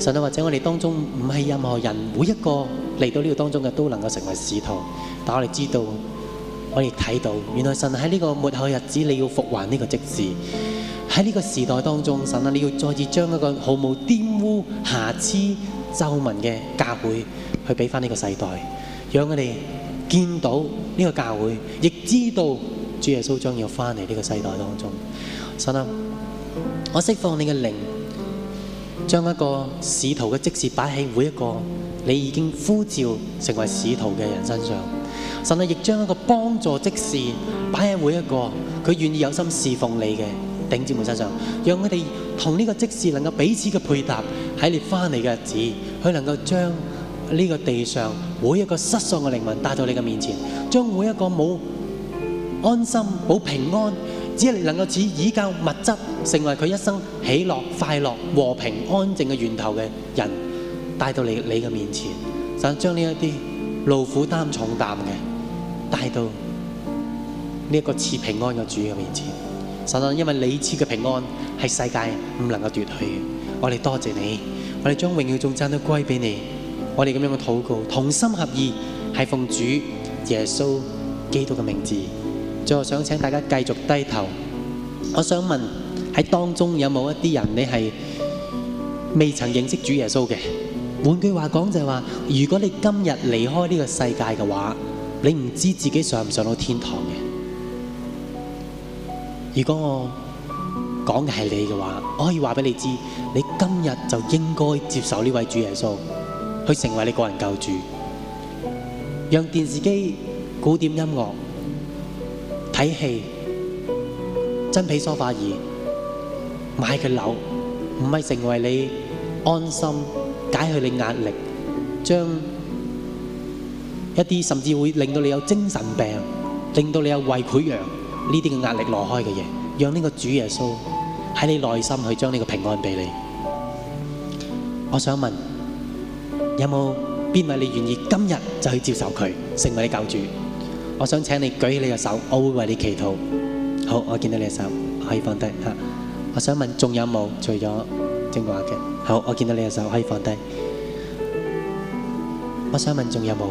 神啊，或者我哋當中唔係任何人，每一個嚟到呢個當中嘅都能夠成為使徒。但我哋知道，我哋睇到，原來神喺、啊、呢個末後日子，你要復還呢個職事。喺呢個時代當中，神啊，你要再次將一個毫無玷污、瑕疵、皺紋嘅教會，去俾翻呢個世代，讓我哋見到呢個教會，亦知道。主耶穌將要翻嚟呢個世代當中，神啊，我釋放你嘅靈，將一個使徒嘅職事擺喺每一個你已經呼召成為使徒嘅人身上，神啊，亦將一個幫助職事擺喺每一個佢願意有心侍奉你嘅弟兄姊妹身上，讓佢哋同呢個職事能夠彼此嘅配搭喺你翻嚟嘅日子，佢能夠將呢個地上每一個失喪嘅靈魂帶到你嘅面前，將每一個冇。安心、保平安，只係能夠使以靠物質成為佢一生喜樂、快樂、和平、安靜嘅源頭嘅人，帶到你你嘅面前。神將呢一啲勞苦擔重擔嘅，帶到呢一個賜平安嘅主嘅面前。神因為你賜嘅平安係世界唔能夠奪去嘅，我哋多謝你，我哋將榮耀頌讚都歸俾你。我哋咁樣嘅禱告，同心合意，係奉主耶穌基督嘅名字。最後想請大家繼續低頭。我想問喺當中有冇有一啲人你係未曾認識主耶穌嘅？換句話講就係、是、話，如果你今日離開呢個世界嘅話，你唔知道自己上唔上到天堂嘅。如果我講嘅係你嘅話，我可以話俾你知，你今日就應該接受呢位主耶穌，去成為你個人救主。讓電視機古典音樂。睇戲、真皮梳化椅、買嘅樓，唔係成為你安心、解去你壓力、將一啲甚至會令到你有精神病、令到你有胃潰瘍呢啲嘅壓力挪開嘅嘢，讓呢個主耶穌喺你內心去將呢個平安俾你。我想問，有冇邊位你願意今日就去接受佢，成為你救主？我想請你舉起你嘅手，我會為你祈禱。好，我見到你嘅手，可以放低。嚇，我想問仲有冇？除咗正話嘅，好，我見到你嘅手，可以放低。我想問仲有冇？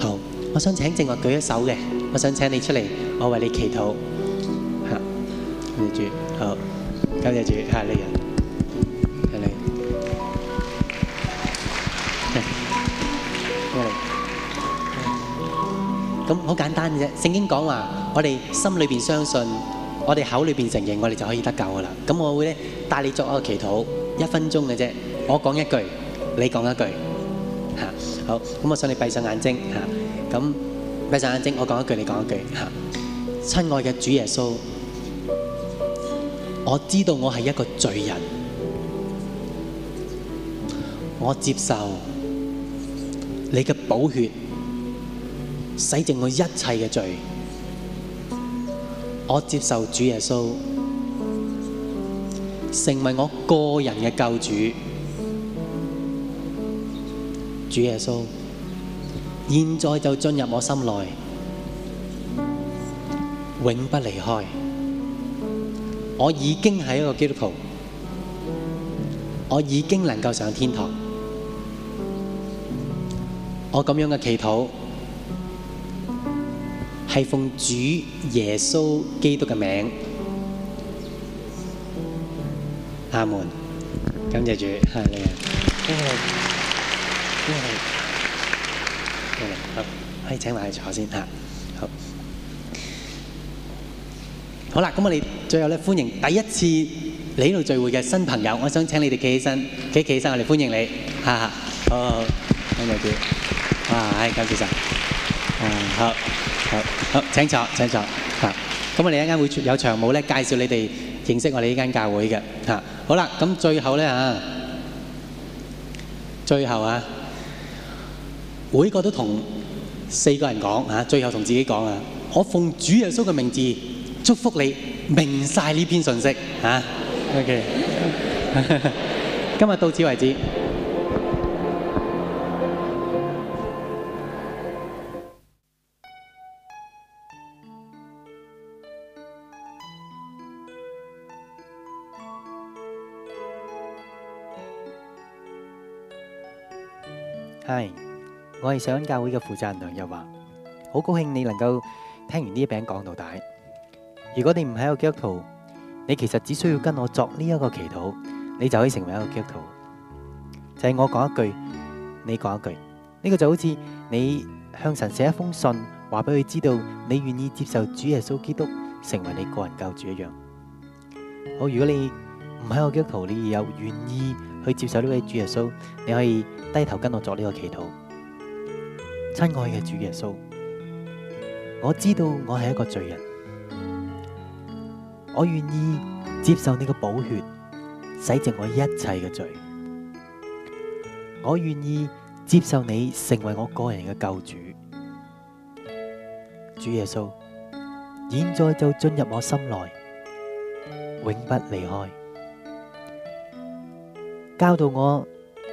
好，我想請正話舉一手嘅，我想請你出嚟，我為你祈禱。嚇，感謝主，好，感謝主，嚇，李仁。咁好簡單嘅啫，聖經講話，我哋心裏邊相信，我哋口裏邊承認，我哋就可以得救噶啦。咁我會咧帶你作一個祈禱，一分鐘嘅啫。我講一句，你講一句。嚇，好，咁我想你閉上眼睛嚇，咁閉上眼睛，我講一句，你講一句嚇。親愛嘅主耶穌，我知道我係一個罪人，我接受你嘅寶血。洗淨我一切嘅罪，我接受主耶穌成為我個人嘅救主。主耶穌，現在就進入我心內，永不離開。我已經係一個基督徒，我已經能夠上天堂。我咁樣嘅祈禱。係奉主耶穌基督嘅名，阿門！感謝主吓，係你啊！好，可以請埋去坐先吓。好，好啦，咁我哋最後咧，歡迎第一次嚟呢度聚會嘅新朋友，我想請你哋企起身，企企起身，我哋歡迎你。好好，感謝主。啊，係，感謝晒。嗯，好。好好，請坐，請坐。吓，咁我哋一間會有場務咧介紹你哋認識我哋呢間教會嘅。吓，好啦，咁最後咧啊，最後啊，每個都同四個人講啊，最後同自己講啊，我奉主耶穌嘅名字祝福你，明晒呢篇信息啊。OK， (laughs) 今日到此為止。係，我係上教會嘅負責人梁日華，好高興你能夠聽完呢一篇講到大。如果你唔係一個基督徒，你其實只需要跟我作呢一個祈禱，你就可以成為一個基督徒。就係我講一句，你講一句，呢個就好似你向神寫一封信，話俾佢知道你願意接受主耶穌基督成為你個人救主一樣。好，如果你唔係一個基督徒，你有願意去接受呢位主耶穌，你可以。低頭跟我做呢個祈禱，親愛嘅主耶穌，我知道我係一個罪人，我願意接受你嘅寶血洗淨我一切嘅罪，我願意接受你成為我個人嘅救主，主耶穌，現在就進入我心內，永不離開，教導我。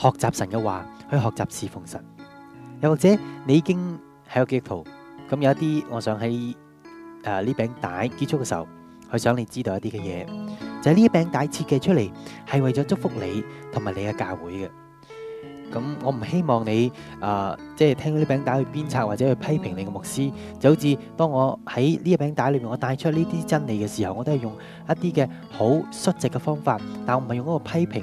學習神嘅話，去學習侍奉神。又或者你已經喺個基督徒，咁有一啲，我想喺誒呢餅帶結束嘅時候，去想你知道一啲嘅嘢。就係呢一餅帶設計出嚟，係為咗祝福你同埋你嘅教會嘅。咁我唔希望你誒，即係聽到呢餅帶去鞭策，或者去批評你嘅牧師。就好似當我喺呢一餅帶裏面，我帶出呢啲真理嘅時候，我都係用一啲嘅好率直嘅方法，但係我唔係用一個批評。